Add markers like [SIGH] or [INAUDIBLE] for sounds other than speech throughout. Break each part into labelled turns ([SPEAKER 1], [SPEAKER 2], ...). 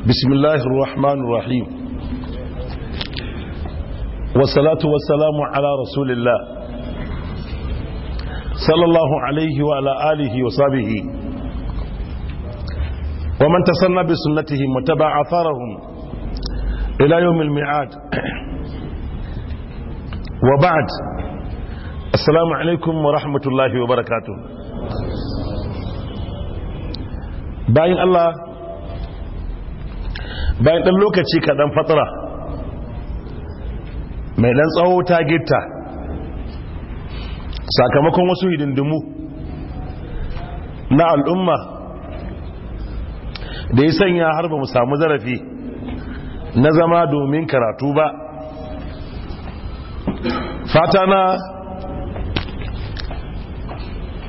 [SPEAKER 1] بسم الله الرحمن الرحيم والصلاة والسلام على رسول الله صلى الله عليه وعلى آله وصحبه ومن تسنى بسنتهم وتبع أثارهم إلى يوم الميعاد وبعد السلام عليكم ورحمة الله وبركاته باين الله bayan ɗan lokaci kaɗan fatsara mai ɗan tsawo ta gita, sakamakon wasu hidindimu na al'umma da ya sanya har ba mu samu zarafi na zama domin karatu ba fata na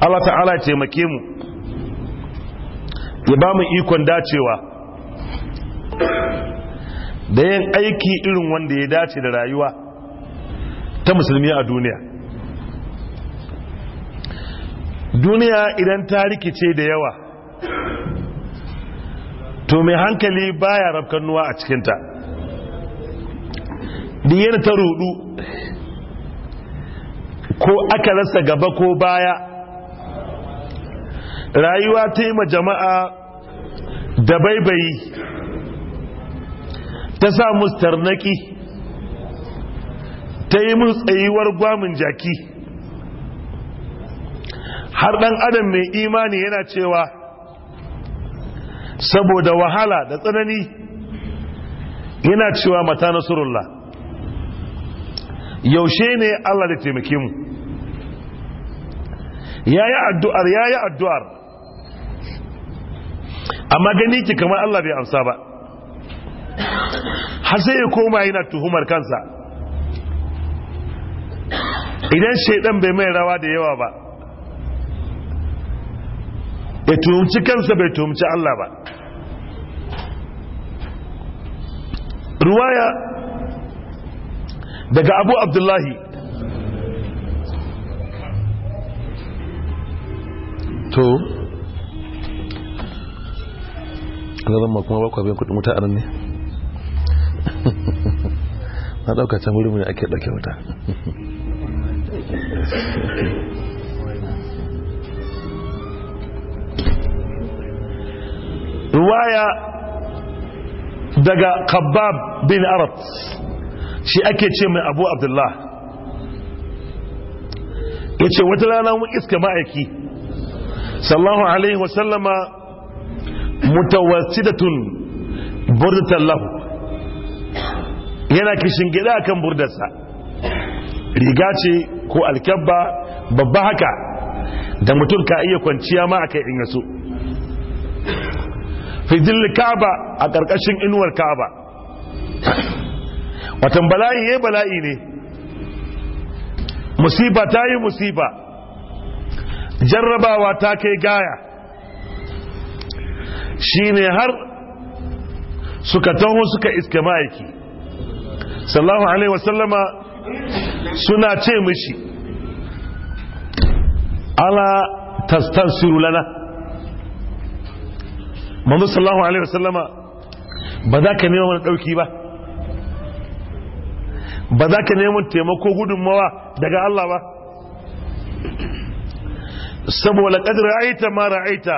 [SPEAKER 1] Allah ta'ala taimake mu ya ba mu ikon dacewa da yin aiki irin wanda ya dace da rayuwa ta musulmi a duniya duniya idan ta rikice da yawa to mai hankali baya rafkan a cikinta diyar ta rudu ko aka rasa gaba ko baya rayuwa ta yi ma jama'a da baibayi ta sa musu tarnaki ta yi min tsayuwar gwamin jaki har ɗan adam mai imani yana cewa saboda wahala da tsanani yana cewa mata nasurullah yaushe ne Allah da taimake mu yayi addu'ar yayi addu'ar amma gani ki kamar Allah bai amsa ba har sai ya koma yana tuhumar kansa idan shaidan bai mai rawa da yawa ba ya tuhumci kansa bai tuhumci Allah ba ruwaya daga abu abdullahi to zaren makon bakwai kudin wuta a ne [LAUGHS] na ɗauka can wuri ne ake ɗauke wuta [LAUGHS] ruwaya daga kabbab bin arat shi ake ce mai abu abdullah ya ce wata rana mun iska ma'aiki sallahu alaihi wasallama mutawasidatun burdutallahu yana kishin gida kan burdarsa riga ce ko alkyabba babba haka da mutum ka iya kwanciya ma akai in yaso fijil kaba a ƙarƙashin inuwar kaba watan bala'i ya eh, bala'i ne musiba ta yi musiba jarrabawa ta kai gaya shi ne har suka taho suka iske ma'aiki sallallahu alaihi wasallama suna ce mishi ala tastansiru lana manzo sallallahu alaihi wasallama ba za ka nema wani dauki ba ba za ka neman taimako gudunmawa daga Allah ba saboda kadar aita ma ra'aita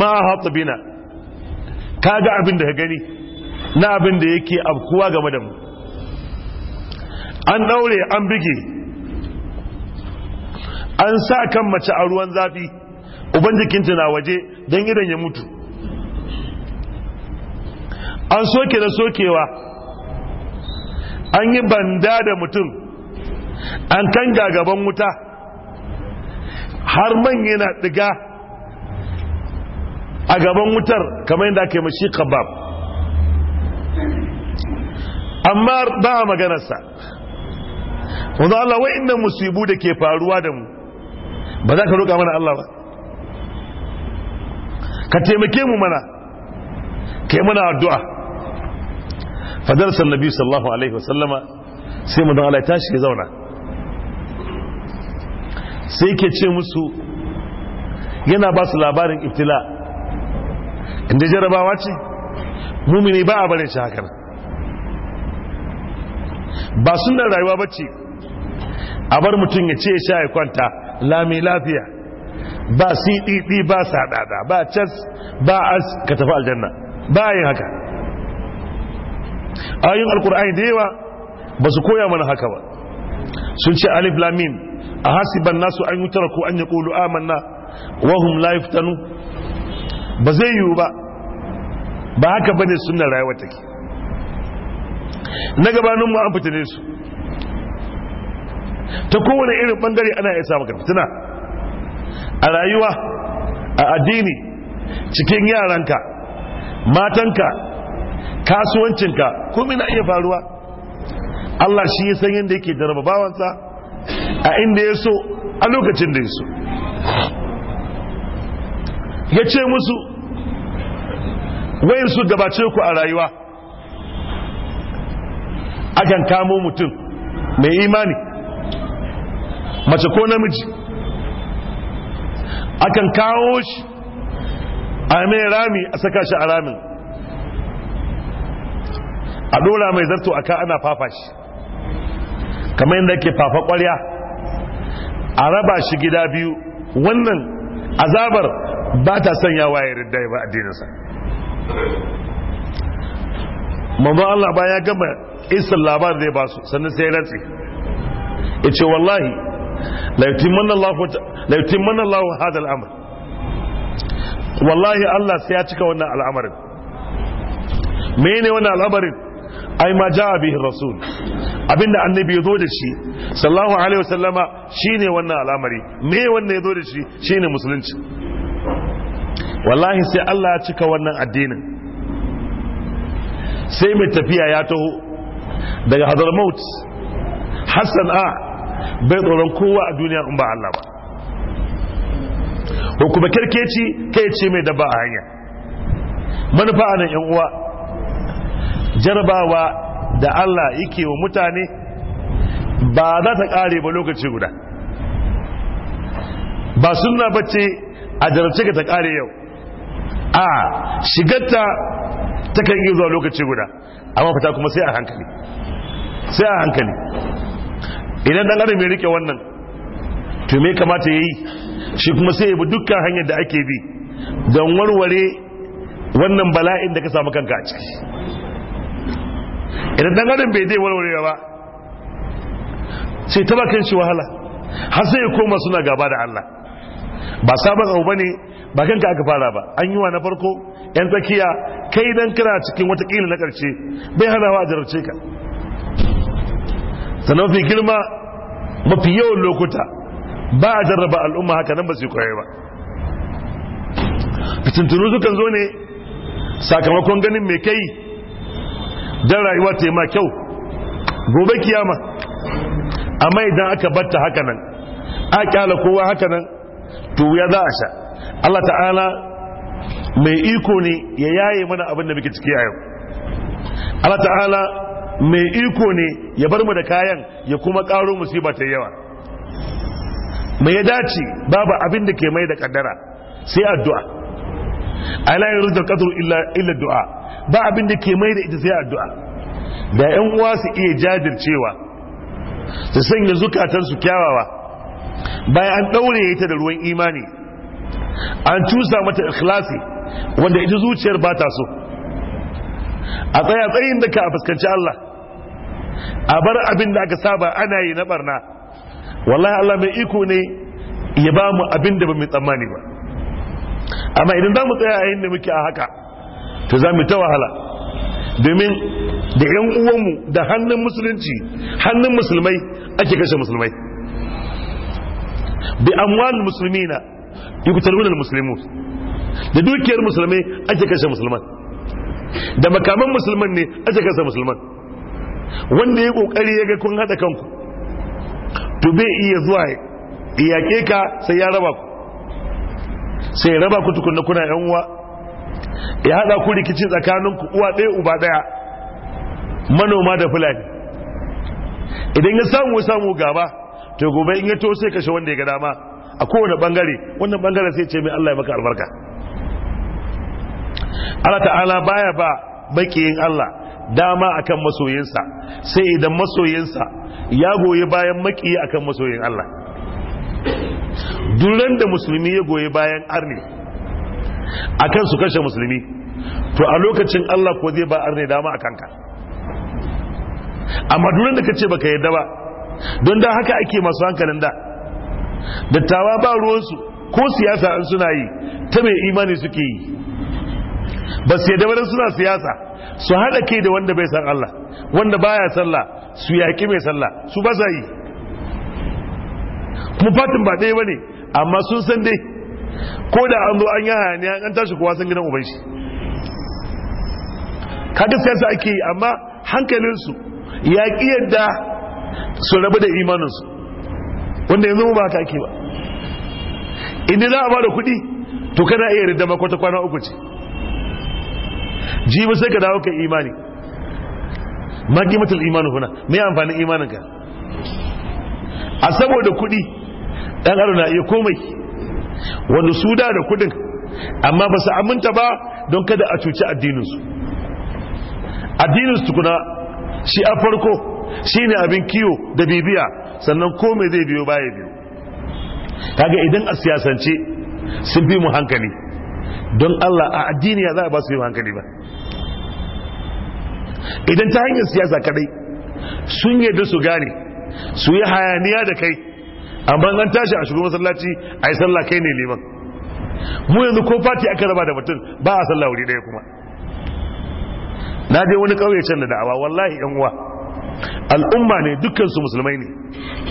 [SPEAKER 1] ma hatabina kaga abin da ka gani na abin da yake abkuwa game da mu an daure an bige an sa kan mace a ruwan zafi uban jikinta na waje don idan ya mutu an soke da sokewa an yi banda da mutum an kan gaban wuta har man yana diga a gaban wutar kamar yadda aka mashi kabab amma ba maganarsa wanzu Allah inda musibu da ke faruwa da mu ba za ka roƙa mana Allah ba ka taimake mu mana ka yi mana addu'a fadar sallabi sallallahu alaihi wasallama sai mu don Allah ya tashi ya zauna sai ke ce musu yana ba su labarin ibtila inda jarabawa ce mumini ba a bane shi hakan ba sunan rayuwa ba ce a bar mutum ya ce sha ya kwanta lami lafiya ba siɗiɗi ba saɗaɗa ba cas ba as ka tafi aljanna ba yin haka ayoyin alkur'ani da yawa ba su koya mana haka ba sun ce alif lamin a hasiban nasu an tara ko an yi ƙulu amanna wahum laif tanu ba zai yiwu ba ba haka ba ne sunan rayuwa take na gabanin mu an fitine su ta kowane irin bangare ana iya samu fitina a rayuwa a addini cikin yaranka matanka kasuwancinka komai na iya faruwa Allah shi ya san yadda yake jaraba bawansa a inda ya so a lokacin da ya so ya ce musu wayan su gabace ku a rayuwa akan kamo mutum mai imani mace ko namiji akan kawo shi a mai rami a saka shi a ramin a dora mai zarto a ka ana fafa shi kamar yadda ke fafa kwarya a raba shi gida biyu wannan azabar ba ta sanya waye ridda ba addininsa mamman Allah ba ya gama isan labar zai basu sannan sai ya rantsi ya ce wallahi la yutimmanna Allahu hada al'amr wallahi Allah sai ya cika wannan al'amarin mene wannan al'amarin ai ma ja'a bihi rasul abinda annabi yazo da shi Sallahu alaihi wasallama ne wannan al'amari me wannan yazo da shi ne musulunci wallahi sai Allah ya cika wannan addinin sai mai tafiya ya taho daga Hadramaut Hassan a bai tsoron kowa a duniya in ba Allah ba ko kuma kirkeci kai ce mai dabba a hanya manufa a nan yan uwa jarabawa da Allah yake wa mutane ba za ta kare ba lokaci guda ba sunna bace a jarabce ka ta kare yau a shigarta kan yi zuwa lokaci guda amma fata kuma sai a hankali sai a hankali idan dan adam ya rike wannan to me kamata yayi shi kuma sai ya bi dukkan hanyar da ake bi don warware wannan bala'in da ka samu kanka a ciki idan dan adam bai dai warware ba sai ta bakin shi wahala har sai ya koma suna gaba da Allah ba sabon abu bane ba kanka aka fara ba an yi wa na farko yan tsakiya kai dan kana cikin wata kila na karshe bai hana wa a jarabce ka sannan mafi girma mafi yawan lokuta ba a jarraba al'umma haka nan ba su koyar ba fitintunu kan zo ne sakamakon ganin mai kai don rayuwa ta yi ma kyau gobe kiyama amma idan aka batta haka nan a kyala kowa haka nan to ya za a sha Allah ta'ala mai iko ne ya yaye mana abin da muke ciki a yau Allah ta'ala mai iko ne ya bar mu da kayan ya kuma karo musiba ta yawa mai ya dace babu abin da ke mai da kaddara sai addu'a ala yanzu rujar kadar illa du'a ba abin da ke mai da ita sai addu'a da yan uwa su iya jajircewa su sanya su kyawawa bayan an daure ita da ruwan imani an cusa mata ikhlasi wanda ita zuciyar ba ta so a tsaya tsayin da ka fuskanci Allah a bar abin da aka saba ana yi na barna wallahi Allah mai iko ne ya ba mu abin da ba mu tsammani ba amma idan za mu tsaya a da muke a haka to za mu ta wahala domin da yan uwanmu da hannun musulunci hannun musulmai ake kashe musulmai bi amwal muslimina yuqtaluna almuslimun da dukiyar musulmai ake kashe musulman da makaman musulman ne ake kashe musulman wanda ya kokari ya ga kun hada kanku to bai iya zuwa ke ka sai ya raba ku sai raba ku tukunna kuna yan uwa ya hada ku rikici tsakanin ku uwa ɗaya uba ɗaya manoma da fulani idan ya samu samu gaba to gobe in ya to sai kashe wanda ya ga dama a kowane bangare wannan bangare sai ce mai Allah ya maka albarka Allah ta'ala baya ba bakiyin Allah dama akan masoyinsa sai idan masoyinsa ya goyi bayan makiyi akan masoyin Allah duran da musulmi ya goyi bayan arne akan su kashe musulmi to a lokacin Allah ko zai ba arne dama akan ka amma duran da kace baka yadda ba don da haka ake masu hankalin da dattawa ba ruwansu ko siyasa an suna yi ta mai imani suke yi ba su yadda suna siyasa su haɗa ke da wanda bai san Allah wanda baya sallah su yaƙi mai sallah su ba sa yi kuma fatin ba ɗaya ba ne amma sun san dai ko da an zo an yi hayaniya an tashi kowa san gidan uban shi kaga siyasa ake yi amma hankalinsu ya ƙi yadda su rabu da imaninsu wanda yanzu ba haka ake ba inda za a ba da kuɗi to kana iya ridda kwata kwana uku ce jibi sai ka dawo ka imani ma kimatul imanu huna me amfanin imanin ka a saboda kuɗi ɗan aro na iya komai wanda su da da kuɗin amma ba su aminta ba don kada a cuci addininsu addininsu tukuna shi a farko shi ne abin kiwo da bibiya sannan komai zai biyo baya biyo kaga idan a siyasance sun fi mu hankali don Allah a addini ya za a ba su yi hankali ba idan ta hanyar siyasa kadai sun yi da su gane su yi hayaniya da kai amma an tashi a shugaban masallaci a yi sallah kai ne liman mu yanzu ko fati aka raba da mutum ba a sallah wuri daya kuma na je wani ƙauye can da da'awa wallahi yan uwa al'umma ne dukkansu musulmai ne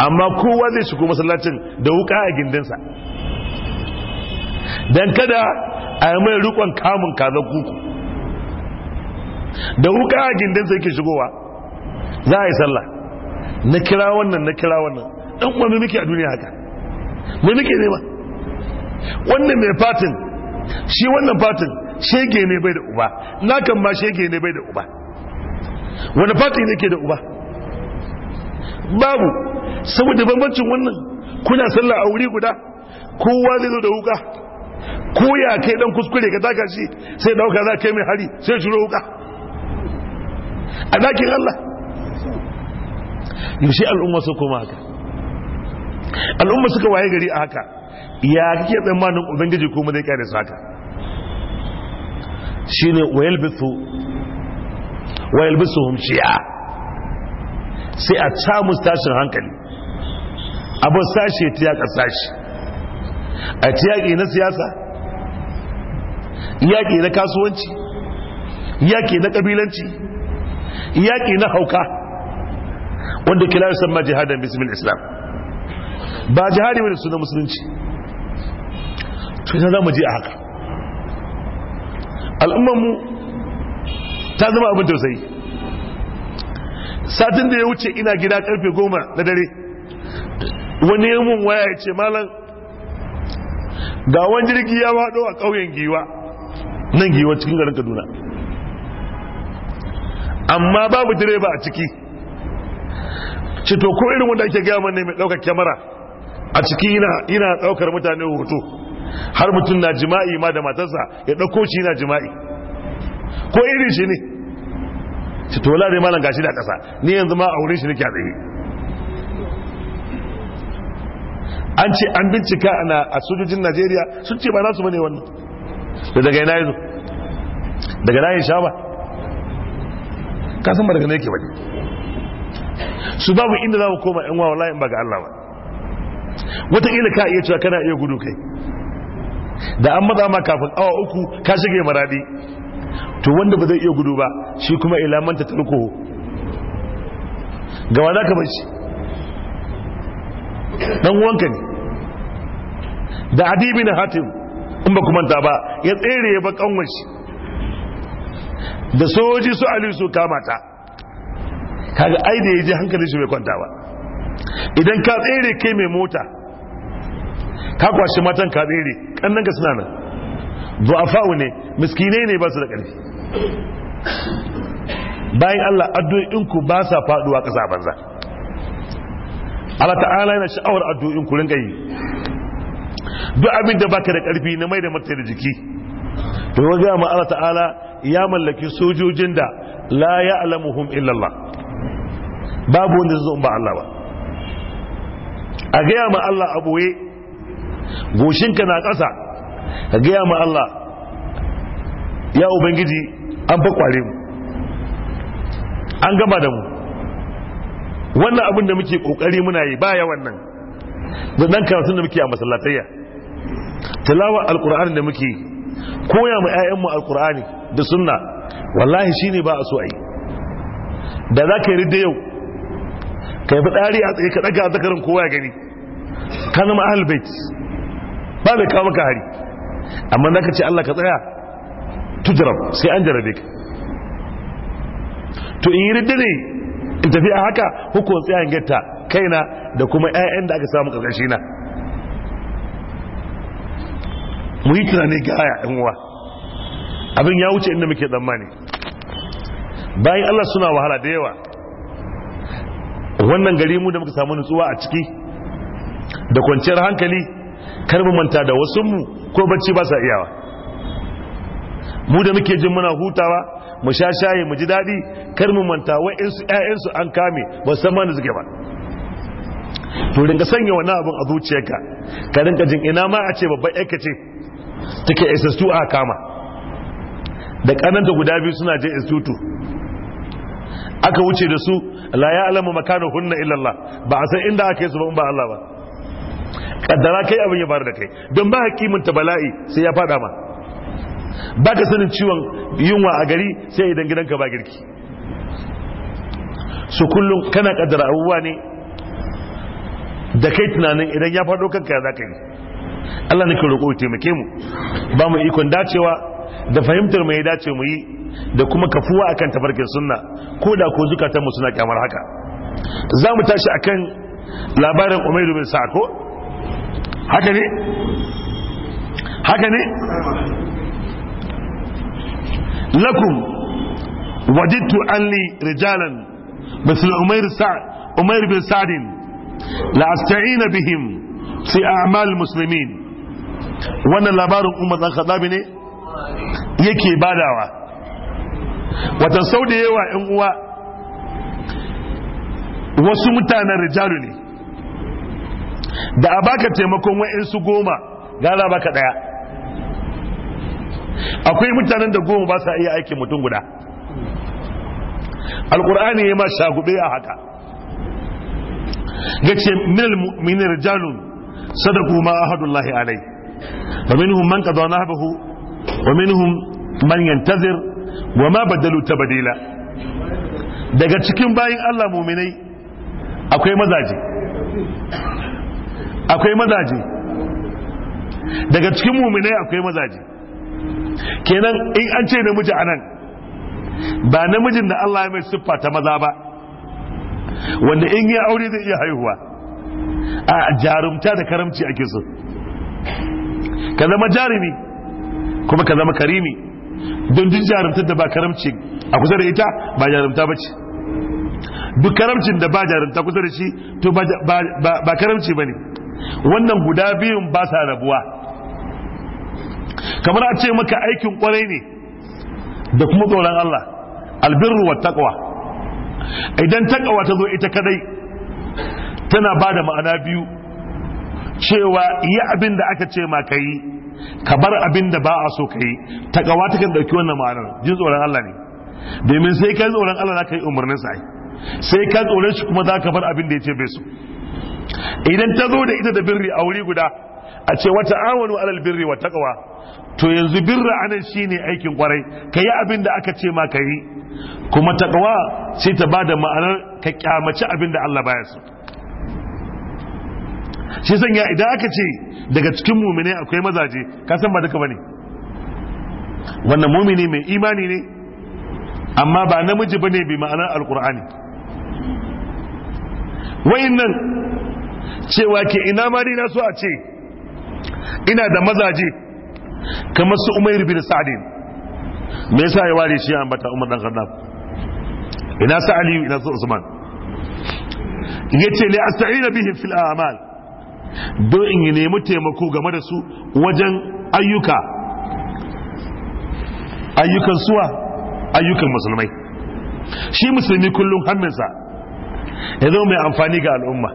[SPEAKER 1] amma kowa zai shigo masallacin da wuka a gindinsa dan kada a yi mai rikon kamun kazan kuku da wuka a gindin sai ke shigowa za a yi sallah na kira wannan na kira wannan Ɗan uwa mimiki a duniya haka mimiki ne ba? wannan mai fatin shi wannan fatin shege ne bai da uba na kan ma shege ne bai da uba wani fatin ne ke da uba babu saboda bambancin wannan kuna sallah a wuri guda kowa zai zo da wuka ko ya kai dan kuskure ka taka shi sai dauka za kai mai hari sai shiro wuka a dakin Allah yaushe al'umma su koma haka al'umma suka waye gari a haka ya kake tsammanin ubangiji kuma zai kare su haka shine wayal bisu wayal bisuhum shi'a sai a ta mustashin hankali abin sashe ta ya kasashi a ci yaƙi na siyasa yaƙi na kasuwanci yaƙi na ƙabilanci yaƙi na hauka wanda kila ya san ma bismil islam ba jihadi wani suna musulunci tunan za mu je a haka al'ummanmu ta zama abin tausayi satin da ya wuce ina gida karfe goma na dare wani yamun waya ya ce malam ga wani jirgi ya wado a ƙauyen giwa nan giwa cikin garin kaduna amma babu direba a ciki ce to ko irin wanda ake gaya mana mai ɗaukar kyamara a ciki yana ɗaukar mutane hoto har mutum na jima'i ma da matarsa ya ɗauko shi na jima'i ko irin shi ne ce to la dai malam gashi da ƙasa ni yanzu ma aure shi ke a tsaye an ce an bincika ana a sojojin najeriya sun ce ba su bane wannan da daga yana yanzu. daga na yin sha ba kasan ba daga na yake wani. su babu inda za mu koma yan wawa layin ba ga allah ba wataƙila ka iya cewa kana iya gudu kai da an maza ma kafin awa uku ka shige maradi to wanda ba zai iya gudu ba shi kuma ilamanta tarko ga wa za ka bar shi dan uwanka ne da adi bin hatim in ba manta ba ya tsere ya ba kanwar da soji su ali su kama ta kaga ai da yaji hankalin shi bai kwanta ba idan ka tsere kai mai mota ka kwashi matan ka tsere kannan ka suna nan du'afa'u ne miskinai ne ba su da karfi bayan Allah ku ba sa faduwa ƙasa banza Allah ta'ala yana sha'awar addu'in ku rinka yi duk abin da baka da karfi na mai da martai da jiki to ga ma Allah ta'ala ya mallaki sojojin da la ya'lamuhum illa Allah babu wanda zai ba Allah ba a gaya ma Allah a boye goshinka na ƙasa a gaya ma Allah ya ubangiji an fa kware mu an gama da mu wannan abin da muke kokari muna yi baya wannan da dan karatun da muke a masallatayya tilawa alqur'ani da muke koya mu ƴaƴan mu alqur'ani da sunna wallahi shine ba a so ai da za yi ridda yau ka yi dari a tsaye ka daga zakarin kowa ya gani kana ma ahlul bait ba mai kawo maka hari amma na ka ce Allah ka tsaya tujrab sai an jarabe ka to in yi ridda ne in tafi a haka hukun tsayan gata kaina da kuma 'ya'yan da aka samu karkashi na mu yi tunani haya yan uwa abin ya wuce inda muke tsammani bayan Allah suna wahala da yawa wannan gari mu da muka samu nutsuwa a ciki da kwanciyar hankali kar mu manta da wasu mu ko bacci ba sa iyawa mu da muke jin muna hutawa mu sha shayi mu ji daɗi kar mu manta wa'insu ƴaƴansu an kame ba san ma da suke ba to dinga sanya wani abin a zuciyarka ka dinga jin ina ma a ce babban ƴarka ce take isastu a kama da kananta guda biyu suna je institutu aka wuce da su la ya alamu makanu hunna illallah ba a san inda aka yi su ba in ba Allah ba kaddara kai abin ya faru da kai don ba hakimin ta bala'i sai ya fada ma ba ka sanin ciwon yunwa a gari sai idan gidanka ba girki su kullum kana kaddara abubuwa ne da kai tunanin idan ya faɗo kanka za ka yi Allah ne ka roƙo taimake mu ba mu ikon dacewa da fahimtar mai dace mu yi da kuma kafuwa akan tafarkin sunna ko da ko zukatan mu suna kyamar haka za mu tashi akan labarin umairu bin sa'ako haka ne haka ne lakum wajidtu anli rijalan مثل عمير سعد عمير بن سعد لأستعين بهم في أعمال المسلمين wannan labarin umar ɗan ne yake badawa watan sau da yawa ‘yan uwa wasu mutanen rijalu ne da a baka taimakon wa'insu goma gara baka ɗaya akwai mutanen da goma ba sa iya aikin mutum guda alkur'ani ya ma shagube a haka ga ce minal mu'minin rijalun sadaku ma ahadullahi alai wa minhum man qada nahbahu wa minhum man yantazir wa ma badalu tabdila daga cikin bayin Allah mu'minai akwai mazaje akwai mazaje daga cikin mu'minai akwai mazaje kenan in an ce namiji anan ba namijin da Allah ya mai siffa ta maza ba wanda in ya aure zai iya haihuwa a jarumta da karamci ake so ka zama jarumi kuma ka zama karimi don jin jarumtar da ba karamci a kusa da ita ba jarumta ba ce duk karamcin da ba jarumta kusa da shi to ba karamci ba ne wannan guda biyun ba sa rabuwa kamar a ce maka aikin kwarai ne da kuma tsoron Allah albirru wa taqwa idan taqwa ta zo ita kadai tana ba da ma'ana biyu cewa yi abin da aka ce ma ka yi ka bar abin da ba a so ka yi taqwa ta kan dauki wannan ma'anar jin tsoron Allah ne domin sai ka tsoron Allah za ka yi umarnin sa sai ka tsoron shi kuma za ka bar abin da ya ce bai so idan ta zo da ita da birri a wuri guda a ce wata awanu alal birri wa taqwa to yanzu birra anan shine aikin kwarai kayi abin da aka ce ma kayi kuma taqwa sai ta bada ma'anar ka kyamaci abin da Allah baya so shi sanya idan aka ce daga cikin mumine akwai mazaje ka san ba duka bane wannan mumini mai imani ne amma ba namiji bane bi ma'anar alqur'ani nan cewa ke ina ma dai na so a ce ina da mazaje kamar su umair bin sa'adin me yasa ya ware shi ambata umar dan khattab ina sa ali ina su usman yace li asta'ina bihim fil a'mal do in nemi taimako game da su wajen ayyuka ayyukan suwa ayyukan musulmai shi musulmi kullum hannunsa ya zama mai amfani ga al'umma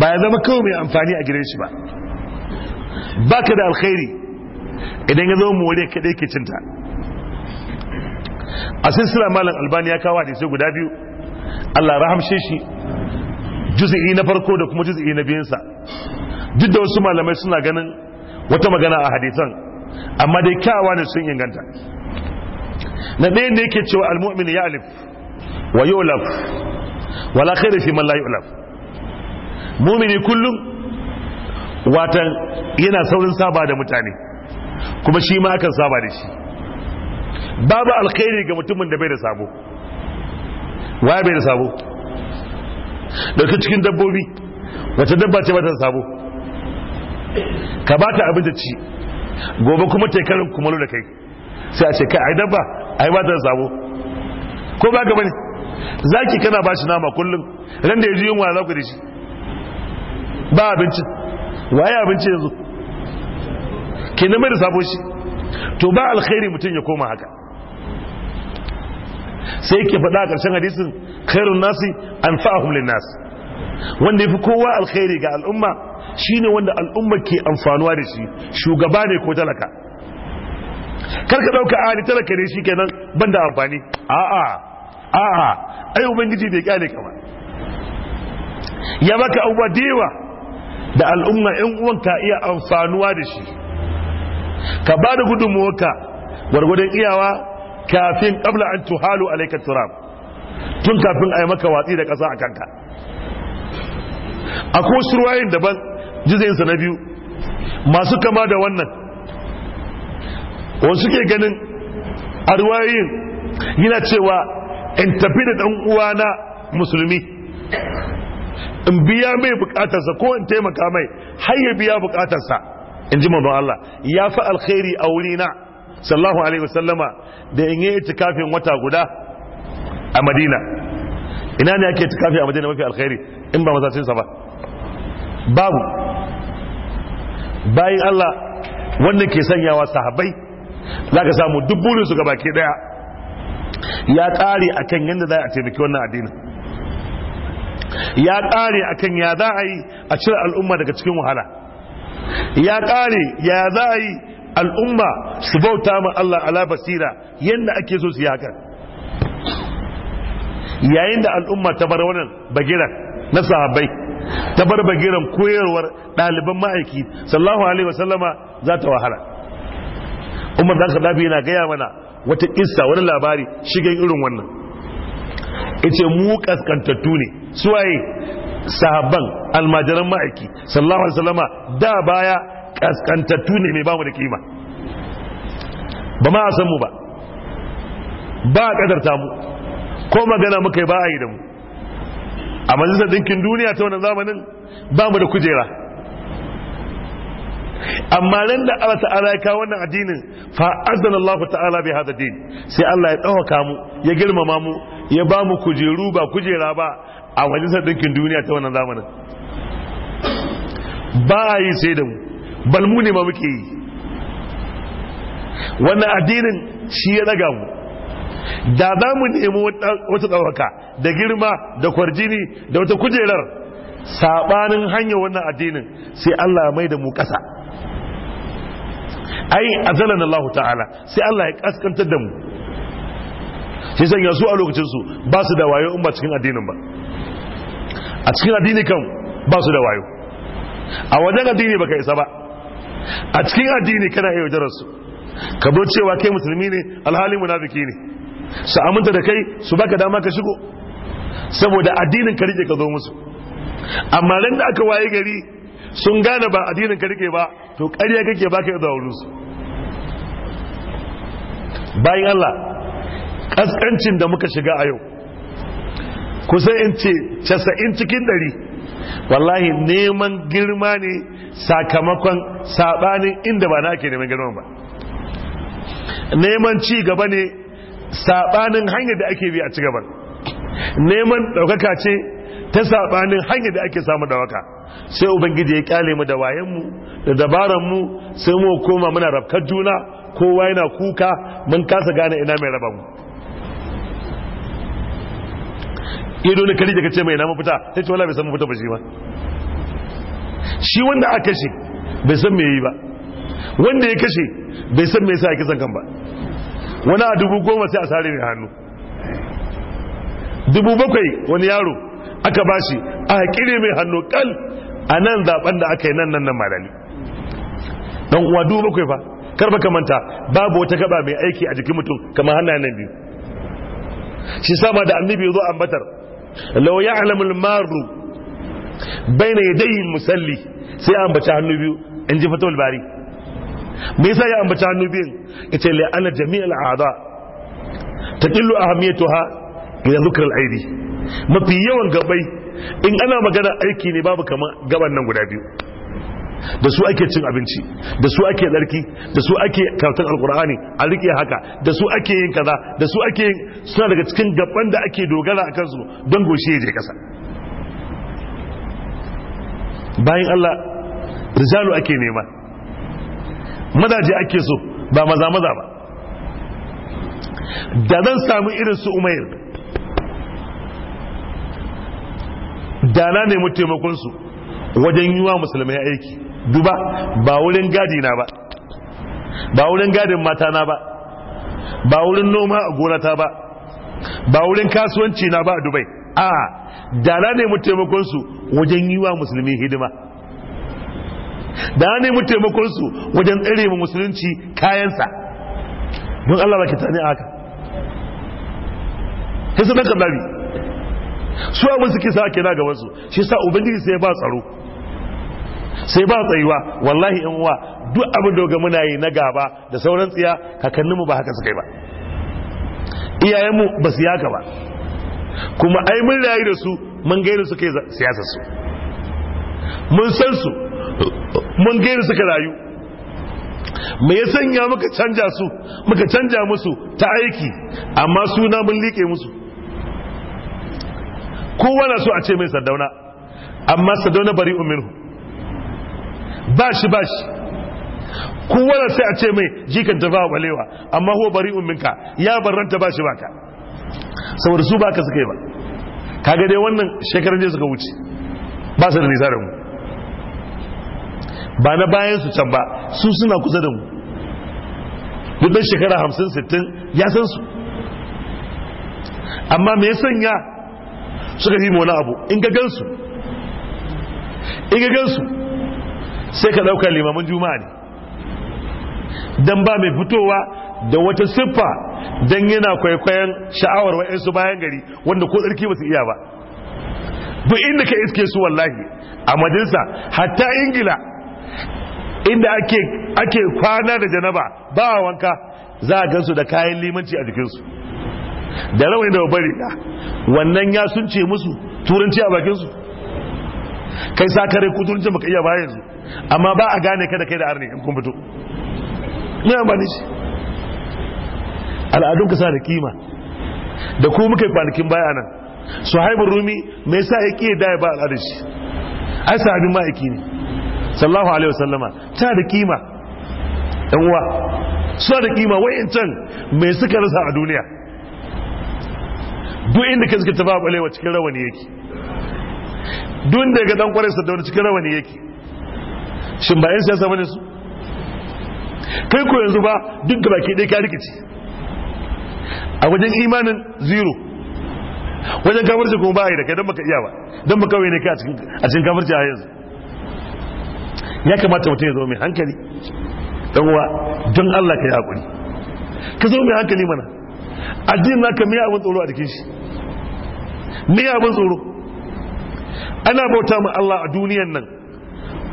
[SPEAKER 1] ba ya zama kawai mai amfani a gidan shi ba baka da alkhairi idan ya zama more kaɗai ke cinta a silsila malam albani ya kawo hadisai guda biyu allah rahamshe shi juz'i na farko da kuma juz'i na sa duk da wasu malamai suna ganin wata magana a hadisan amma dai kyawa ne sun inganta na ɗaya ne yake cewa almu'min ya alif wa yulaf wala khairu fi man la yulaf mu'mini kullum watan yana saurin saba da mutane kuma shi ma akan saba da shi babu alkhairi ga mutumin da bai da sabo waye bai da sabo dauki cikin dabbobi wace dabba ce bata sabo ka bata abin da ci gobe kuma ta karin kumalo da kai sai a ce kai ai dabba ai bata da sabo ko ba ga bane zaki kana bashi nama kullum ran da yaji yunwa za ku da shi ba abincin waye abinci yanzu ke nemi da sabo shi to ba alkhairi mutum ya koma haka sai ke faɗa a ƙarshen hadisin khairun nasi an fa'ahum lin nas wanda yafi kowa alkhairi ga al'umma shine wanda al'umma ke amfanuwa da shi shugaba ne ko talaka karka dauka a ah, ni talaka ne shikenan banda amfani a'a a'a ai ubangiji bai kyale kama. ya baka abubuwa da yawa da al'umma yan uwan ka iya amfanuwa da shi ka ba da gudunmuwarka gwargwadon iyawa kafin kabla an tuhalu alaika turam tun kafin a yi maka watsi da ƙasa a kanka a ko surwayin daban jizayinsa na biyu masu kama da wannan wasu ke ganin a yana cewa in tafi da ɗan na musulmi in biya mai bukatarsa ko in taimaka mai har ya biya bukatarsa in ji manzon Allah ya fi alkhairi a wuri na Sallahu alaihi wasallama da in yi kafin wata guda a Madina ina ne ake kafin a Madina mafi alkhairi in ba masacinsa ba babu bayan Allah wanda ke sanyawa sahabai za ka samu dubbunin su gaba ke daya ya a kan yadda za a taimaki wannan addinin ya kare akan ya za a yi a cire al'umma daga cikin wahala ya kare ya za a yi al'umma su bauta ma Allah ala basira yadda ake so su yi hakan yayin da al'umma ta bar wannan bagiran na sahabbai ta bar bagiran koyarwar ɗaliban ma'aiki sallallahu alaihi wasallama za ta wahala umar dan kadafi yana gaya mana wata kissa wani labari shigen irin wannan ita mu kaskantattu ne suwaye sahabban almajiran ma'aiki sallallahu alaihi wasallama da baya kaskantattu ne mai ba mu da kima ba ma san mu ba ba kadarta mu ko magana muka yi ba a yi da mu a majalisar dinkin duniya ta wannan zamanin ba mu da kujera amma ran da Allah ta'ala ya kawo wannan addinin fa ta'ala bi hada din sai Allah ya dauka mu ya girmama mu ya ba mu kujeru ba kujera ba a majalisar ɗinkin duniya ta wannan zamanin ba a yi sai da mu balmu ne ma muke yi wannan addinin shi ya daga mu da za mu nemi wata tsawaka da girma da kwarjini da wata kujerar saɓanin hanyar wannan addinin sai Allah mai da mu ƙasa ai azalan Allah ta'ala sai Allah ya ƙaskantar da mu shi sanya su a lokacinsu ba su da wayo in ba cikin addinin ba a cikin addini kan ba su da wayo a wajen addini ka isa ba a cikin addini kana iya wajararsu ka bai cewa kai musulmi ne alhali munafiki ne su aminta da kai su baka dama ka shigo saboda addinin ka rike ka zo musu amma ran da aka waye gari sun gane ba addinin ka rike ba to ƙarya kake baka yadda zawo su bayan Allah kaskancin da muka shiga a yau kusan in ce casa'in cikin ɗari wallahi neman girma ne sakamakon saɓanin inda ba na ake neman girma ba neman ci gaba ne saɓanin hanyar da ake bi a ci gaban neman ɗaukaka ce ta sabanin hanyar da ake samu ɗaukaka sai ubangiji ya kyale mu da wayanmu da dabaranmu sai mu koma muna rabkar juna kowa yana kuka mun kasa gane ina mai rabamu ido na kari da kace mai na mafita Ta ce wala bai san mafita ba shi ba shi wanda aka kashe bai san me yi ba wanda ya kashe bai san me sa a kisan kan ba wani a dubu goma sai a sare mai hannu dubu bakwai wani yaro aka bashi a haƙire mai hannu kal a nan zaben da aka yi nan nan malami dan uwa dubu bakwai fa karba ka manta babu wata gaba mai aiki a jikin mutum kamar hannayen biyu shi sama da annabi ya zo ambatar Lauya ya'lamul baina ya yadayi musalli sai an bace hannu biyu in ji fatul me yasa ya ambaci hannu biyun yace la ana jami'al a'da taqillu ahamiyatuha ila dhikr al-aidi mafi yawan gabai in ana magana aiki ne babu kamar gaban nan guda biyu da su ake cin abinci da su ake tsarki da su ake karatun alkur'ani a rike haka da su ake yin kaza da su ake yin suna daga cikin gaban da ake dogara a kansu don goshi ya je kasa bayan Allah rijalu ake nema madaji ake so ba maza maza ba da zan samu irin su umair da na nemi taimakonsu wajen yi wa musulmai aiki duba ba wurin gadi na ba ba wurin gadin mata na ba ba wurin noma a gonata ba ba wurin kasuwanci na ba a dubai a da na nemi taimakonsu wajen yi wa musulmi hidima da na nemi taimakonsu wajen tsere mu musulunci kayansa don allah ba ki tani a haka kisa su ɗan su abin suke sa na gabansu shi sa ubangiji sai ba tsaro sai ba tsayuwa wallahi in uwa duk abin da muna yi na gaba da sauran tsiya kakanninmu ba haka suka yi ba iyayenmu ba su haka ba kuma ai mun rayu da su mun ga suka kai siyasar su mun san su mun su kai rayu me ya sanya muka canja su muka canja musu ta aiki amma suna mun liƙe musu kowa na so a ce mai sardauna amma sardauna bari umminu. ba shi ba shi kowane sai a ce mai jikin ta ba balewa amma ho bari umminka ya barranta ba shi ba ka saboda su baka suka yi ba kaga dai wannan shekaran je suka wuce ba su da nisa da mu ba na bayan su can ba su suna kusa da mu duk dan shekara hamsin sittin ya san su amma me ya sanya suka yi wani abu in ga gansu in ga gansu sai ka ɗaukar limamin juma'a ne don ba mai fitowa da wata siffa don yana kwaikwayon sha'awar wa'insu bayan gari wanda ko tsarki ba su iya ba duk inda ka iske su wallahi a madinsa hatta ingila inda ake ake kwana da janaba ba wanka za a gansu da kayan limanci a jikinsu da rawani da bari wannan ya sun ce musu turanci a bakinsu kai sa kare kuturanci baka iya bayan su amma ba a gane ka da kai da arni in kun fito ne amfani shi al'adun ka sa da kima da ku muka kwanakin baya nan su haibun rumi mai sa ya ƙi da ya ba al'adun shi ai sahabin ma'aiki ne sallahu alaihi wasallama ta da kima ɗan uwa suna da kima can mai suka rasa a duniya duk inda ka suka tafa ɓalewa cikin rawani yake duk da ga dan kwarai da wani cikin rawani yake shin ba 'yan siyasa wani su kai ko yanzu ba duk da baki ɗaya ka rikici a wajen imanin zero wajen kafarci kuma ba a yi da kai don baka iya ba don baka wani ne kai a cikin kafarci a yanzu ya kamata mutum ya zama mai hankali don wa don Allah ka yi haƙuri ka zama mai hankali mana addinin naka mai abin tsoro a jikin shi mai abin tsoro ana bauta ma Allah a duniyan nan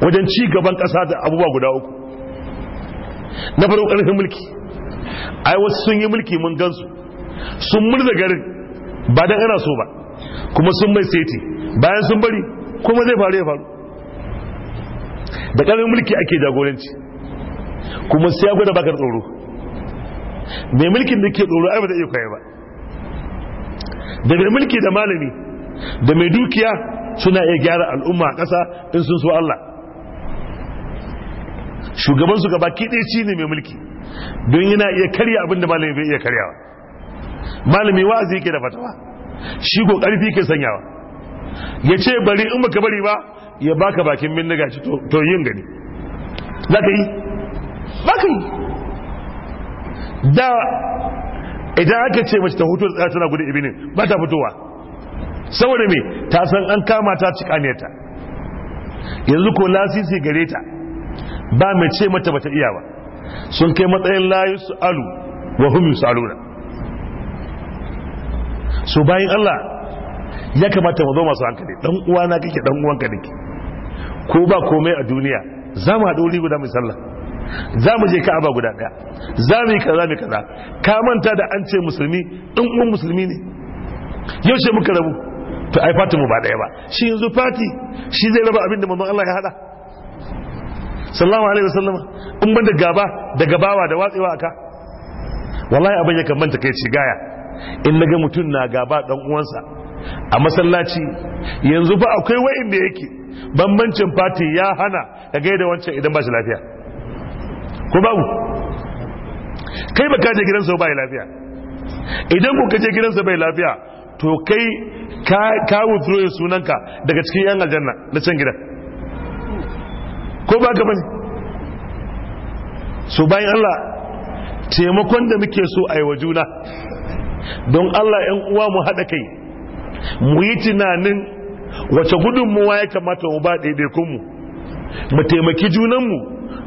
[SPEAKER 1] wajen ci gaban kasa da abubuwa guda uku na farko karfin mulki ai wasu sun yi mulki mun gansu sun murza garin ba dan ana so ba kuma sun mai seti bayan sun bari kuma zai faru ya faru da karfin mulki ake jagoranci kuma sai ya gwada bakar tsoro mai mulkin da ke tsoro ai ba zai iya kwaye ba da mai mulki da malami da mai dukiya suna iya gyara al'umma a ƙasa in sun so Allah shugaban su gaba ki ɗaya ne mai mulki don yana iya karya abin da malami bai iya karyawa malami wa'azi yake da fatawa shi ko karfi ke sanyawa ya ce bari in baka bari ba ya baka bakin bindiga ci to yin gani za ka yi ba ka yi da idan aka ce mace ta hutu da tana gudu ibini ba ta fitowa saboda me ta san an kama ta cikaniyarta. yanzu ko lasisi gare ta ba mai ce mata bata iya ba sun kai matsayin layu Alu wa hum Aluna. so bayan Allah ya kamata mu zo masu hankali dan uwana kake dan uwanka nake ko ba komai a duniya za mu haɗu wuri guda mai sallah za mu je ka'aba guda ɗaya za mu yi kaza mu kaza ka manta da an ce musulmi ɗan uwan musulmi ne yaushe muka rabu to ai fati mu ba ɗaya ba shi yanzu fati shi zai raba abin da Allah ya haɗa? sallallahu alaihi wasallama in ban da gaba da gabawa da watsewa aka wallahi abin ya kamanta kai ci gaya in naga mutum na gaba dan uwansa a masallaci yanzu fa akwai wa'inda yake bambancin fati ya hana ka gaida wancan idan ba shi lafiya ko babu kai ba ka je gidansa ba lafiya idan ku kaje gidansa bai lafiya to kai ka withdraw sunanka daga cikin yan aljanna na can gidan ko ba ka bane so bayan Allah taimakon da muke so a yi wa juna don Allah ‘yan uwa mu haɗa kai mu yi tunanin wace gudunmuwa ya kamata mu ba ɗaiɗaikunmu mu taimaki junanmu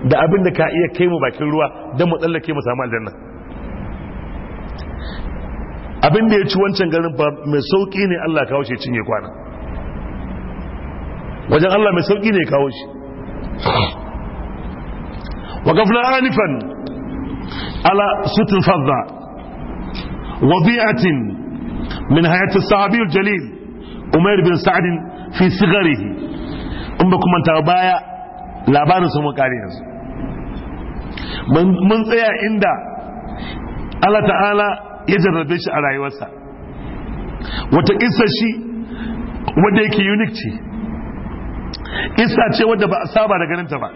[SPEAKER 1] da abin da ka iya kai mu bakin ruwa don mu tsallake mu samu aljanna abin da ya ci wancan garin ba mai sauƙi ne Allah kawo shi cinye kwana wajen Allah mai sauƙi ne kawo shi وقفنا آنفا على ست فظة وضيعة من حياة الصحابي الجليل أمير بن سعد في صغره أمكم من تغبايا labarin sun makari mun tsaya inda Allah ta'ala ya jarrabe shi a rayuwarsa wata kisa shi wanda yake unique ce kissa ce wadda ba a saba da ganinta ba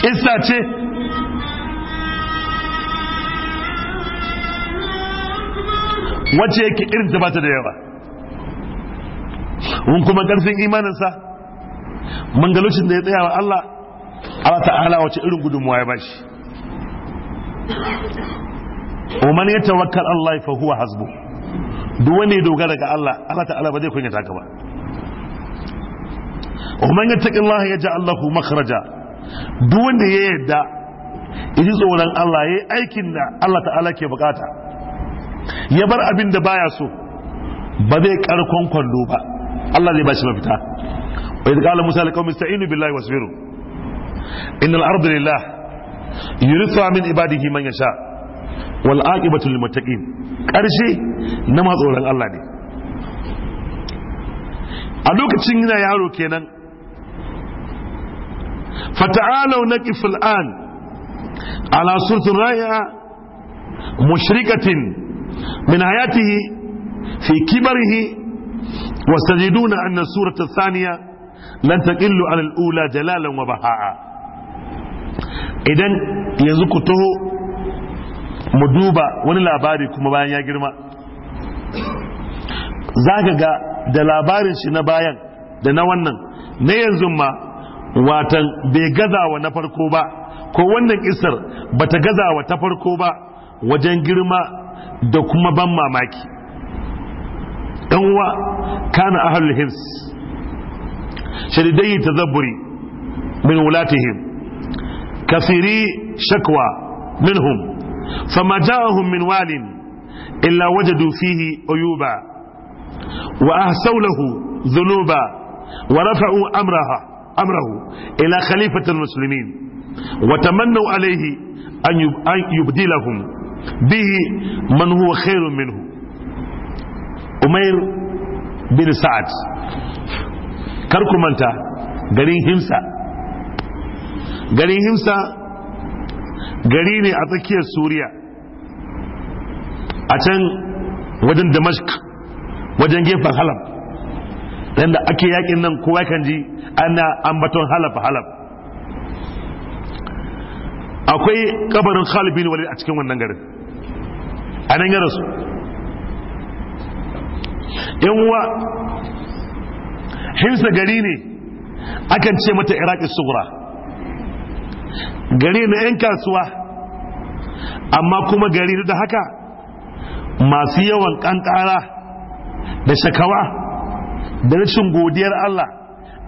[SPEAKER 1] kissa ce wacce yake irin ta bata da yawa mun kuma karfin imaninsa mun ga da ya tsaya wa Allah Allah ta'ala wace irin gudunmuwa ya bashi yatawakkal Allah fa huwa hasbu duk wani ya dogara ga Allah Allah ta'ala ba zai kunyata ka ba wa man ya yaj'al lahu makhraja duk wanda ya yarda idi tsoron Allah yi aikin da Allah ta'ala ke bukata ya bar abin da baya so ba zai karkon kwando ba Allah zai bashi mafita wa idh qala musa liqaumin ista'inu billahi wasbiru innal arda lillah yurithuha min ibadihi man yasha wal aqibatu lil muttaqin karshe na tsoron Allah ne a lokacin yana yaro kenan fata'alau naqif al'an ala suratul raya mushrikatin min hayatihi fi kibarihi واستجدون أن السورة الثانية لن تقل على الأولى جلالا وبهاء إذن يزكته مدوبة ونلاباري كما بان يجرم zaka ga da labarin shi na bayan da na wannan na yanzu ma watan bai gazawa na farko ba ko wannan isar bata gazawa ta farko ba wajen girma da kuma ban mamaki ɗan uwa kana ahlul hirs shadidai tazabburi min wulatihim shakwa شكوى منهم فما جاءهم من وال إلا وجدوا wa عيوبا وأهسوا zunuba wa rafau Amraha. amrahu ila khalifatul muslimin wa tamannu alayhi an yubdilahum bihi man huwa khairun minhu bin sa'ad kar manta garin himsa garin himsa gari ne a tsakiyar suriya a can wajen damashq wajen gefen halab dan da ake yakin nan kowa kan ji ana ambaton halaf halaf akwai kabarin Khalid bin Walid a cikin wannan garin Anan ya rasu yan uwa hinsa gari ne akan ce mata iraki sugura gari na 'yan kasuwa amma kuma gari da haka masu yawan kankara da shakawa da rashin godiyar Allah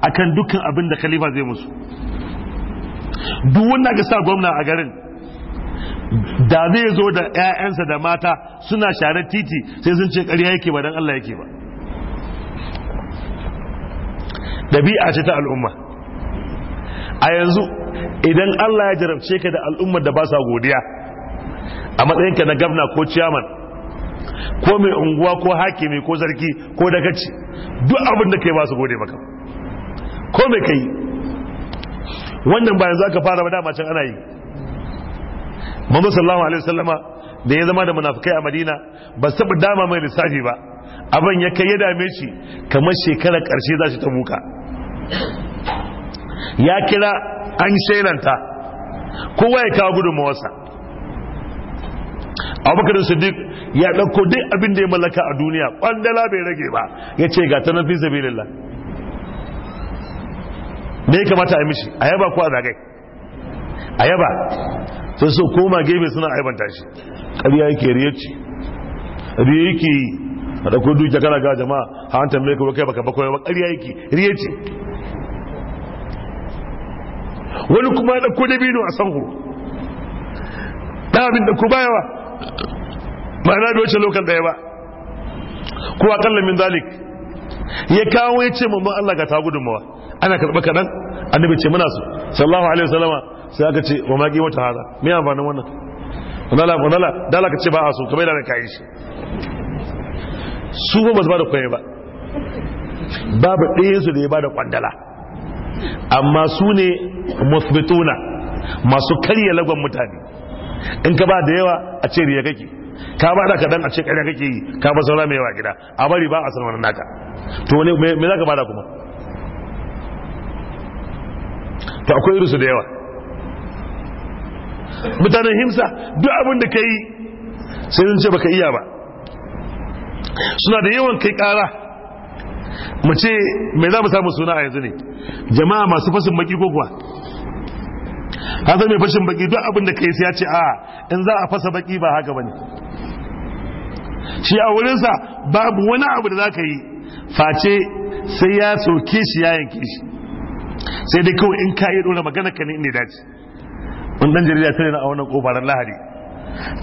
[SPEAKER 1] akan dukkan abin da khalifa zai musu duk wanda ga sa gwamna a garin da zai zo da 'ya'yansa da mata suna share titi sai sun ce ƙarya yake ba dan Allah yake ba Dabi'a ce ta al'umma a yanzu idan Allah ya jarabce ka da al'ummar da ba sa godiya a matsayinka na gabna ko ciyaman ko mai unguwa ko hakimi ko sarki ko dagaci duk abinda da kai ba su gode maka ko mai kai wannan bayan za ka fara dama can ana yi Muhammad sallallahu alaihi wasallama da ya zama da munafukai a Madina ba su dama mai lissafi ba abin ya kai ya dame shi kamar shekarar karshe za shi ta buka ya kira an shelanta kowa ya kawo gudunmawarsa abubakar siddiq ya ɗauko duk abin da ya mallaka a duniya ƙwandala bai rage ba ya ce ga ta nafi sabilillah me ya kamata a mishi Ayaba ko a zagai a so koma gebe suna aibanta shi ƙarya yake riya ce riya yake yi a ɗauko dukiya kana ga jama'a a hantar mai kuma kai baka bakwai ba ƙarya yake riya ce wani kuma ya ɗauko dabino a sanhu ɗan abin da ku bayawa ma'ana bai wuce lokal daya ba ko akalla min dalik ya kawo ya ce mamman Allah ga ta gudunmawa ana karɓa kaɗan annabi ce muna su sallallahu alaihi wasallama sai aka ce wa magi wata hada me amfanin wannan wadala wadala da ka ce ba a so kamar da ka yi shi su ba su ba da kwaye ba babu ɗayansu da ya ba da kwandala amma su ne musbituna masu karya lagon mutane in ka ba da yawa a ce riya kake ka ba da ka dan a ce kare kake yi ka ba saura mai wa gida a bari ba a san wani naka to ne me za ka bada kuma to akwai irinsu da yawa mutanen himsa duk abin da ka yi sai sun ce baka iya ba suna da yawan kai ƙara mu ce me za mu samu suna a yanzu ne jama'a masu fasin baki ko kuwa ka zai mai fashin baki duk abin da kai sai ya ce a in za a fasa baki ba haka ba ne. shi a wurinsa babu wani abu da za ka yi face sai ya soke shi ya yanke shi sai dai kawai in ka yi dora magana ka ne ne dace wani dan jarida tare na a wannan kofarar lahadi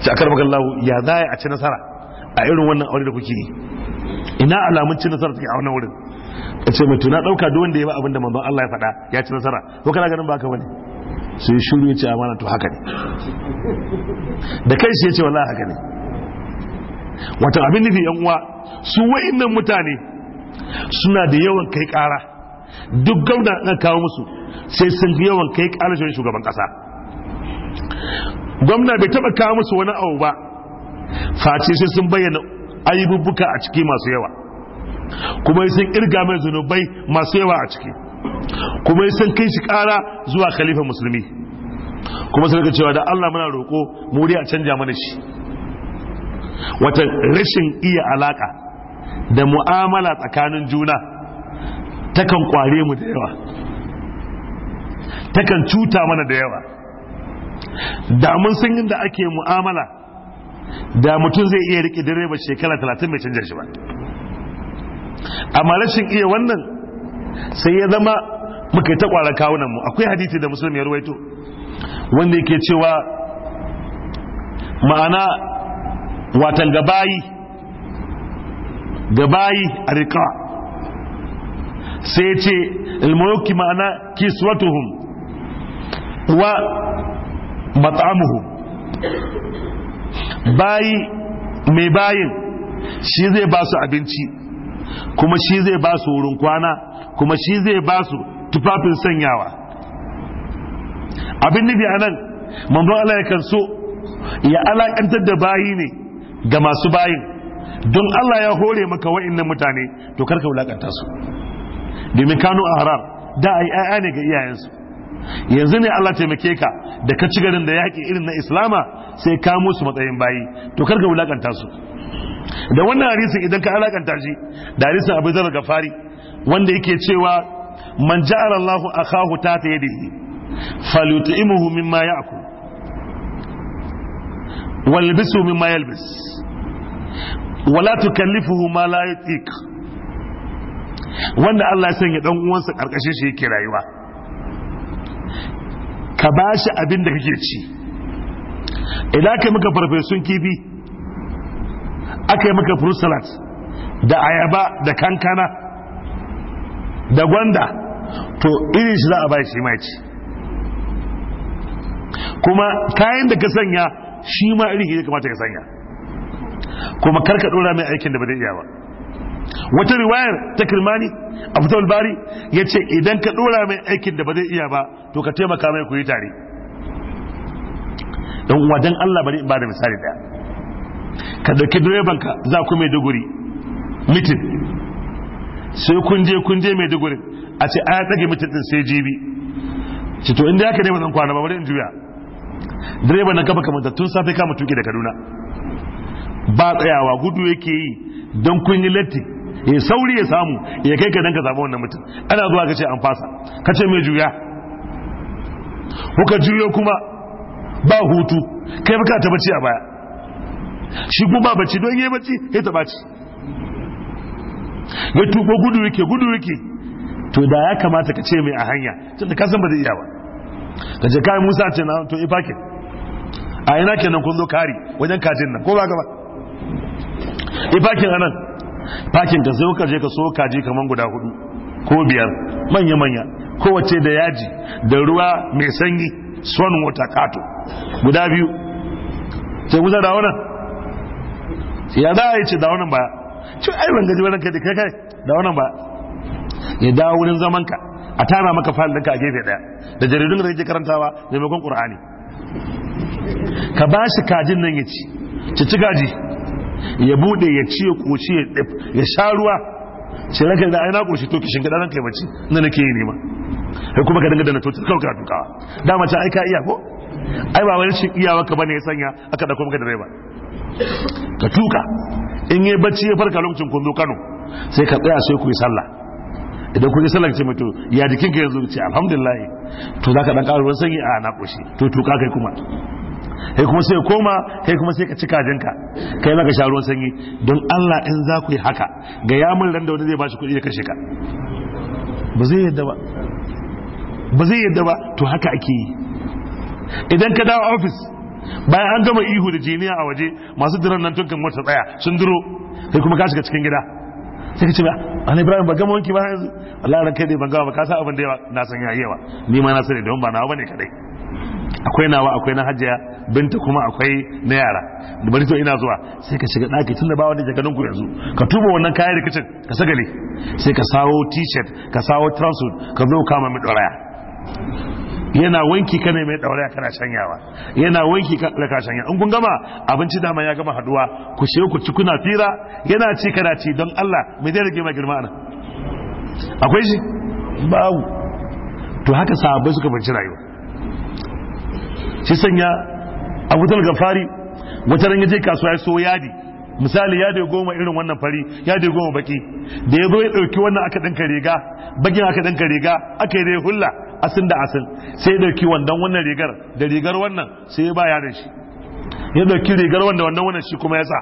[SPEAKER 1] ci akar magan lahu ya za a ci nasara a irin wannan aure da kuke yi ina alamun ci nasara take a wannan wurin a ce mutu na ɗauka duk wanda ya ba abin da manzon Allah ya faɗa ya ci nasara ko kana ganin ba ka bane sai shuru ce amana to haka ne da kai sai ya ce wala haka ne wata abin nufi yan uwa su wa'innan mutane suna da yawan kai kara duk gauna na kawo musu sai sun fi yawan kai kara shugaban kasa gwamna bai taba kawo musu wani abu ba face sai sun bayyana ayyubuka a ciki masu yawa kuma sun kirga mai zunubai masu yawa a ciki kuma ya san kai shi kara zuwa khalifa musulmi kuma sun cewa da Allah muna roko mu a canja mana shi wata rashin iya alaka da mu'amala tsakanin juna takan kware mu da yawa takan cuta mana da yawa da mun san inda ake mu'amala da mutum zai iya rike direba shekara 30 mai canja shi ba amma rashin iya wannan sai ya zama muka yi ta kawunanmu kawunan mu akwai hadithi da musulmi ya ruwaito wanda yake cewa ma'ana watan gabayi gabayi a rika sai ce ilmoyoki ma'ana kiswatuhun wa mat'amuhum bayi mai bayin shi zai ba su abinci kuma shi zai ba su wurin kwana kuma shi zai ba su tufafin sanyawa abin nufi a nan manzon Allah yakan so ya alakantar da bayi ne ga masu bayin don Allah ya hore maka nan mutane to karka wulakanta su domin kanu Harar, da yi ayya ne ga iyayensu yanzu ne Allah taimake ka da ka ci garin da ya haƙi irin na islama sai ka musu matsayin bayi to karka wulakanta su da wannan harisun idan ka alakanta shi da harisin abin zarar fari. wanda yake cewa man ja'ala akahu ta ta yadihi falyut'imuhu mimma ya'kul walbisuhu mimma yalbis wala tukallifuhu ma la wanda Allah ya sanya dan uwansa karkashin shi yake rayuwa ka bashi abin da kake ci idan kai maka farfesun kifi aka yi maka fruit salad da ayaba da kankana da gwanda to irin shi za a bai shi mai ci kuma kayan da ka sanya shi ma irin shi kamata ka sanya kuma karka dora mai aikin da ba zai iya ba wata riwayar ta kirmani a fito albari ya ce idan ka dora mai aikin da ba zai iya ba to ka taimaka mai kuyi tare don wajen Allah bari in ba da misali daya ka dauki direbanka za ku mai duguri mitin sai kun je kun je mai dugurin a ce an ɗage mutum sai jibi ce to inda yake ne ba zan kwana ba bari in juya direba na kafa kamar tun safe kama tuki da kaduna ba tsayawa gudu yake yi don kun yi latti ya sauri ya samu ya kai ka dan ka samu wannan mutum ana zuwa ka ce an fasa kace ce mai juya kuka juyo kuma ba hutu kai baka ta bacci a baya shi kuma ba bacci don yi bacci ya ta bacci ya tuko gudu yake gudu yake to da ya kamata ka ce mai a hanya tunda ka san ba zai iya ba ka je kai Musa ce na to ifake a ina kenan kun zo kari wajen kajin nan ko ba gaba ifakin anan fakin ka sai ka je ka so kaji kaman guda hudu ko biyar manya manya kowace da yaji da ruwa mai sanyi swan water kato guda biyu sai kusa da wannan ya za a yi ce da wannan ba ci ai ban gaji kai da kai kai da wannan ba ya dawo wurin zaman ka a tara maka fal ɗinka a gefe ɗaya da jaridun da kake karantawa maimakon qur'ani ka ba shi kajin nan ya ci ci ci gaji ya bude ya ci ya koshi ya dip ya sha ruwa ce ranka da ai na koshi to ki shingada ranka ya bace nan nake yi nema sai kuma ka dinga da na to kawai ka tukawa Da ta ai ka iya ko ai ba wani shi iyawa ka bane ya sanya aka dauko maka ba. ka tuka in yi bacci ya farka lokacin kun zo Kano sai ka tsaya sai ku yi sallah idan kun yi sallah ce mutu ya jikin ka yanzu ce alhamdulillah to zaka dan karo ruwan sanyi a na koshi to tuka kai kuma kai kuma sai koma kai kuma sai ka ci ka kai zaka sha ruwan sanyi don Allah in za ku yi haka ga ya ran da wani zai bashi kuɗi ya kashe ka ba zai yadda ba ba zai yadda ba to haka ake yi idan ka dawo office bayan an gama ihu da jiniya a waje masu diran nan tunkan mota tsaya sun duro sai kuma ka shiga cikin gida sai ka ce an ibrahim ba gama wanki ba yanzu Allah ran kai dai ban gama ba ka san abin da yawa na san yayi yawa ni ma na sani don ba nawa bane kadai akwai nawa akwai na hajiya binta kuma akwai na yara da bari to ina zuwa sai ka shiga daki tun da ba wanda jaganin ku yanzu ka tuba wannan kayan kicin ka sagale sai ka sawo t-shirt ka sawo trousers ka zo kama mi ɗoraya yana wanki kane mai ya kana shanyawa yana wanki ka ka shanya in kun gama abinci dama ya gama haduwa ku she ku ci kuna fira yana ci kana ci don Allah me zai rage ma girma ana akwai shi babu to haka sahabbai suka banci rayuwa shi sanya Abu wutar Gafari wata ran yaje kasuwa ya so yadi misali yadi goma irin wannan fari yadi goma baki da ya zo ya dauki wannan aka danka riga bakin aka danka riga aka yi hulla asin da asin sai ya dauki wannan wannan rigar da rigar wannan sai ya ba yaron shi ya dauki rigar wanda wannan wannan shi kuma ya sa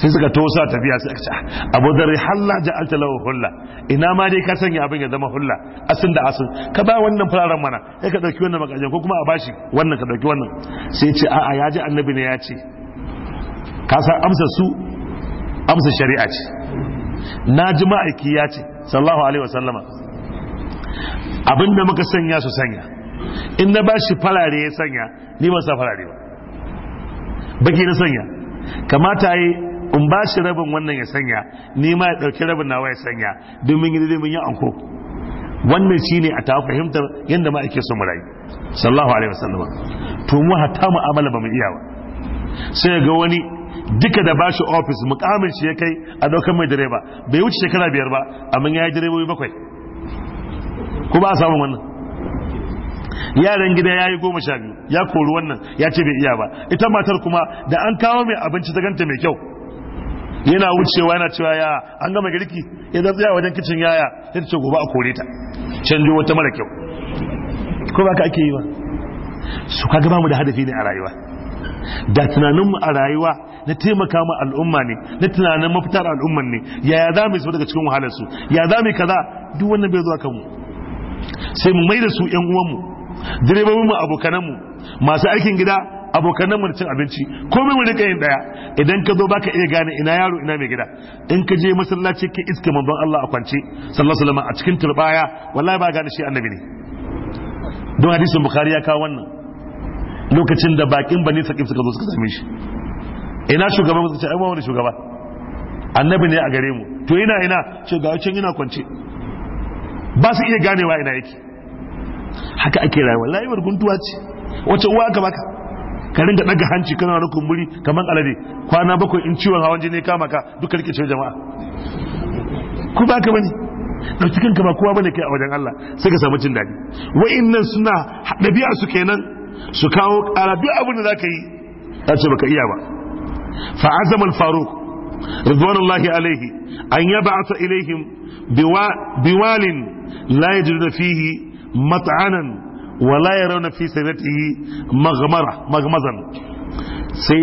[SPEAKER 1] sai suka tosa tafiya sai aka ce abu da rihalla ja'alta lahu hulla ina ma dai ka sanya abin ya zama hulla asin da asin ka ba wannan fararen mana sai ka dauki wannan makajen ko kuma a bashi wannan ka dauki wannan sai ya ce a'a ya ji annabi ne ya ce ka san amsa su amsa shari'a ce na ji ma'aiki ya ce sallallahu alaihi wasallama abinda muka sanya su sanya in na ba shi farare ya sanya ni ba sa farare ba baki na sanya kamata yi in ba shi rabin wannan ya sanya ni ma ya ɗauki rabin nawa ya sanya domin yi mun yi anko wannan shi ne a tawa fahimtar yadda ma ake so mu rayu alaihi wasallama to mu hatta mu'amala ba mu iya ba sai ga wani duka da bashi ofis mukamin shi ya kai a ɗaukar mai direba bai wuce shekara biyar ba amma ya yi direbobi bakwai ko ba a wannan yaran gida ya yi goma sha biyu ya kori wannan ya ce bai iya ba ita matar kuma da an kawo mai abinci ta ganta mai kyau yana wucewa yana cewa ya an gama girki ya zai tsaya wajen kicin yaya ya ce gobe a kore ta canjo wata mara kyau ko ba ka ake yi ba su ka gaba mu da hadafi ne a rayuwa da tunaninmu a rayuwa na taimaka ma al'umma ne na tunanin mafitar al'umman ne yaya za mu yi daga cikin wahalarsu ya za mu yi kaza duk wannan bai zuwa kanmu sai mu maida su yan uwanmu direbobin mu abokanan mu masu aikin gida abokanan mu cin abinci komai mu rika yin daya idan ka zo baka iya gane ina yaro ina mai gida in ka je masallaci ka iska manzon Allah a kwance sallallahu alaihi wasallam a cikin turbaya wallahi ba gane shi annabi ne don hadisin bukhari ya kawo wannan lokacin da bakin bani sakin suka zo suka same shi ina shugaban suka ce ai wani shugaba annabi ne a gare mu to ina ina ce ga can ina kwance ba su iya ganewa ina yake haka ake rayuwa layuwar guntuwa ce wacce uwa aka baka ka ringa daga hanci kana da kumburi kamar alade kwana bakwai in ciwon hawan jini kama ka duka ce jama'a ku ba ka bane dauki kanka ba kowa bane kai a wajen Allah sai ka samu jin daɗi wa'annan suna ɗabi'a su kenan su kawo ƙara duk abin da zaka yi ta ce baka iya ba fa azama al-faruq ridwanullahi alaihi an yab'atha ilaihim biwalin la yajiduna fihi mat'anan wa la yarawna fi sanatihi maghmara maghmazan sai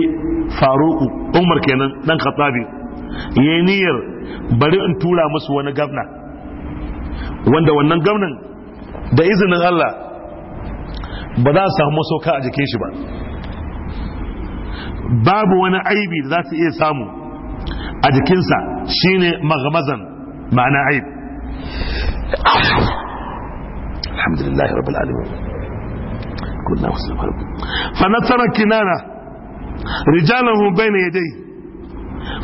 [SPEAKER 1] faruku umar kenan dan khattabi yayi bari in tura masu wani gabna wanda wannan gwamnan da izinin Allah ba za a samu masoka a jikin shi ba babu wani aibi da za su iya samu a jikinsa shine maghmazan ma'ana aib alhamdulillah rabbil alamin kullu wasallam fa nasara kinana rijalahu bayna yadayhi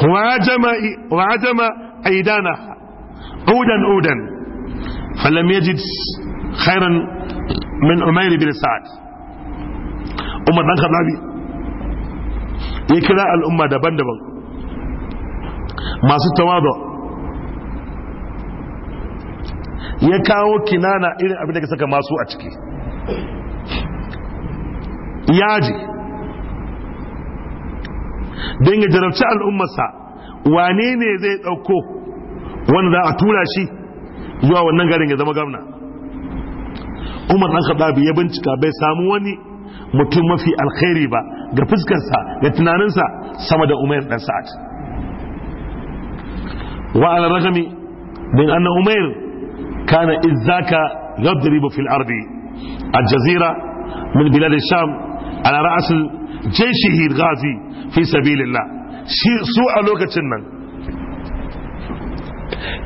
[SPEAKER 1] وعجم وعجم ايدانه عودا عودا فلم يجد خيرا من عمير بن سعد عمر بن الخطاب يكرا الامه دبن دبن masu tawado ya kawo kinana irin abin da ka saka masu a ciki yaji don ya jarabci al'ummarsa wane ne zai ɗauko wanda za a tura shi zuwa wannan garin ya zama gamna umar ɗan kaɗabi ya bincika bai samu wani mutum mafi alkhairi ba ga fuskarsa ga tunaninsa sama da umar ɗan sa'ad وعلى الرغم من أن أمير كان إذ ذاك يضرب في الأرض الجزيرة من بلاد الشام على رأس جيشه الغازي في سبيل الله سوء لوكة nan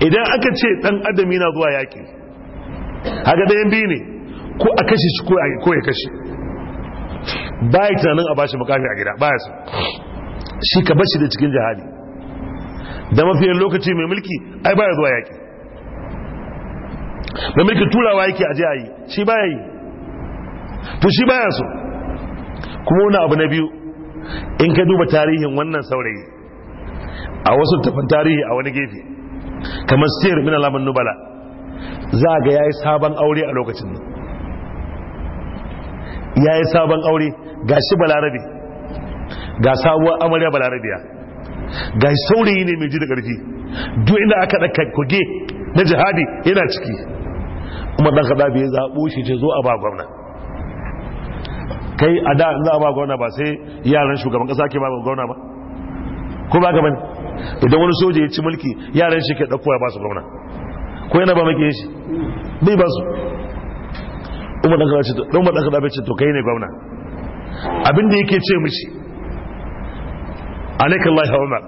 [SPEAKER 1] idan aka ce dan adam yana zuwa yaki haka biyu ne ko a kashe shi ko ya kashe ba tunanin a bashi mukami a gida ba shi ka bashi da cikin jihadi da mafiyar lokaci mai mulki ai baya zuwa yaƙi mai mulki turawa yake aje a yi shi baya yi to shi baya so kuma wani abu na biyu in ka duba tarihin wannan saurayi a wasu tafin tarihi a wani gefe kamar siyar min alamun nubala za ga ya yi sabon aure a lokacin nan Ya yi sabon aure ga shi balarabe ga sabuwar amarya balarabiya ga saurayi ne mai ji da ƙarfi duk inda aka ɗaka kuge na jihadi yana ciki kuma ɗan kaɗa bai zaɓo shi ce zo a ba gwamna kai a da za a ba gwamna ba sai yaran shugaban ƙasa ke ba gwamna ba ko ba gaban idan wani soja ya ci mulki yaran shi ke ɗauko ya ba su gwamna ko yana ba maki shi bai ba su umar ɗan kaɗa bai ce to kai ne gwamna abin da yake ce mishi alaika Allah ya Umar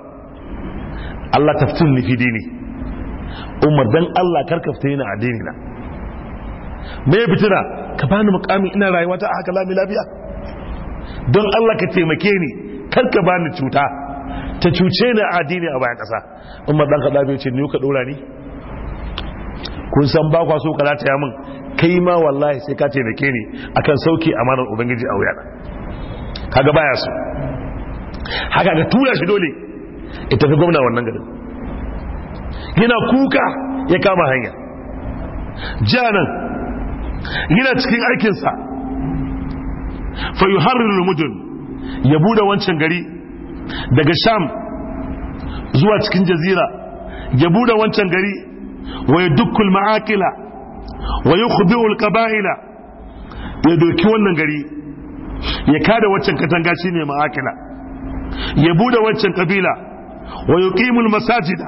[SPEAKER 1] Allah taftun ni fi dini Umar dan Allah karkafta yana a dini na me fitina ka bani mukami ina rayuwa ta haka lami lafiya don Allah ka taimake ni karka bani cuta ta cuce ni a dini a bayan kasa Umar dan Khattab ya ce ni ka dora ni kun san ba kwa so ka lataya min kai ma wallahi sai ka taimake ni akan sauki amanar ubangiji a wuyana kaga baya so haka ga tura shi dole ya tafi gwamna wannan garin yana kuka ya kama hanya janan yana cikin aikinsa fa yi harin mudun ya bude wancan gari daga sham zuwa cikin jazira ya bude wancan gari wa dukkul ma'akila wa ya kubi'ul ya doki wannan gari ya kada wancan katanga shine ma'akila ya bude waccan kabila wa yuqimul masajida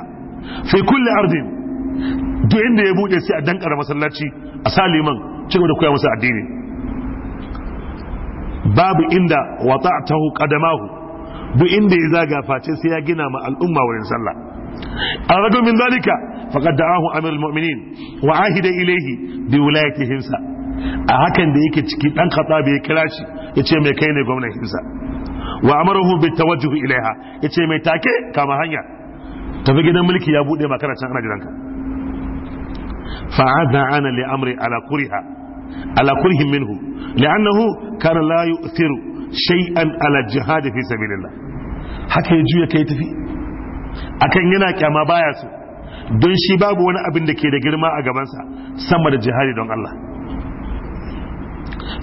[SPEAKER 1] fi kulli ardin duk inda ya bude sai a dankara masallaci a saliman cewa da koya masa addini babu inda wata'tahu qadamahu duk inda ya zaga face sai ya gina ma al'umma wurin sallah الرجل من ذلك فقد دعاه امير المؤمنين وعاهد اليه بولايته همسه a hakan da yake ciki dan khatabi ya kira shi ya ce mai kai ne gwamna himsa wa amaruhu bi tawajjuhi ilaiha yace mai take kama hanya tafi gidan mulki ya bude ma kana can ana jiranka fa adana li amri ala kuriha ala kurhin minhu li'annahu kana la yu'thiru shay'an ala jihad fi sabilillah haka ya juya kai tafi akan yana kyama baya su don shi babu wani abin da ke da girma a gabansa sama da jihadi don Allah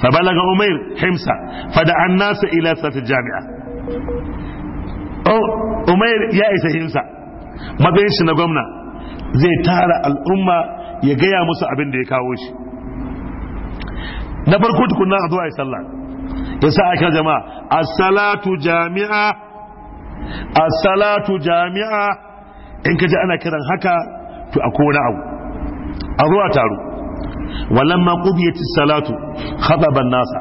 [SPEAKER 1] fa balaga umair himsa fa da an nasa ila sata jami'a umair ya isa himsa matsayin shi na gwamna zai tara al'umma ya gaya masu abin da ya kawo shi na farko tukunna a zuwa sallah ya sa aka jama'a as-salatu jami'a A salatu jami'a in ka ji ana kiran haka to a kona abu a zuwa taro walamma qudiyat salatu khataba nasa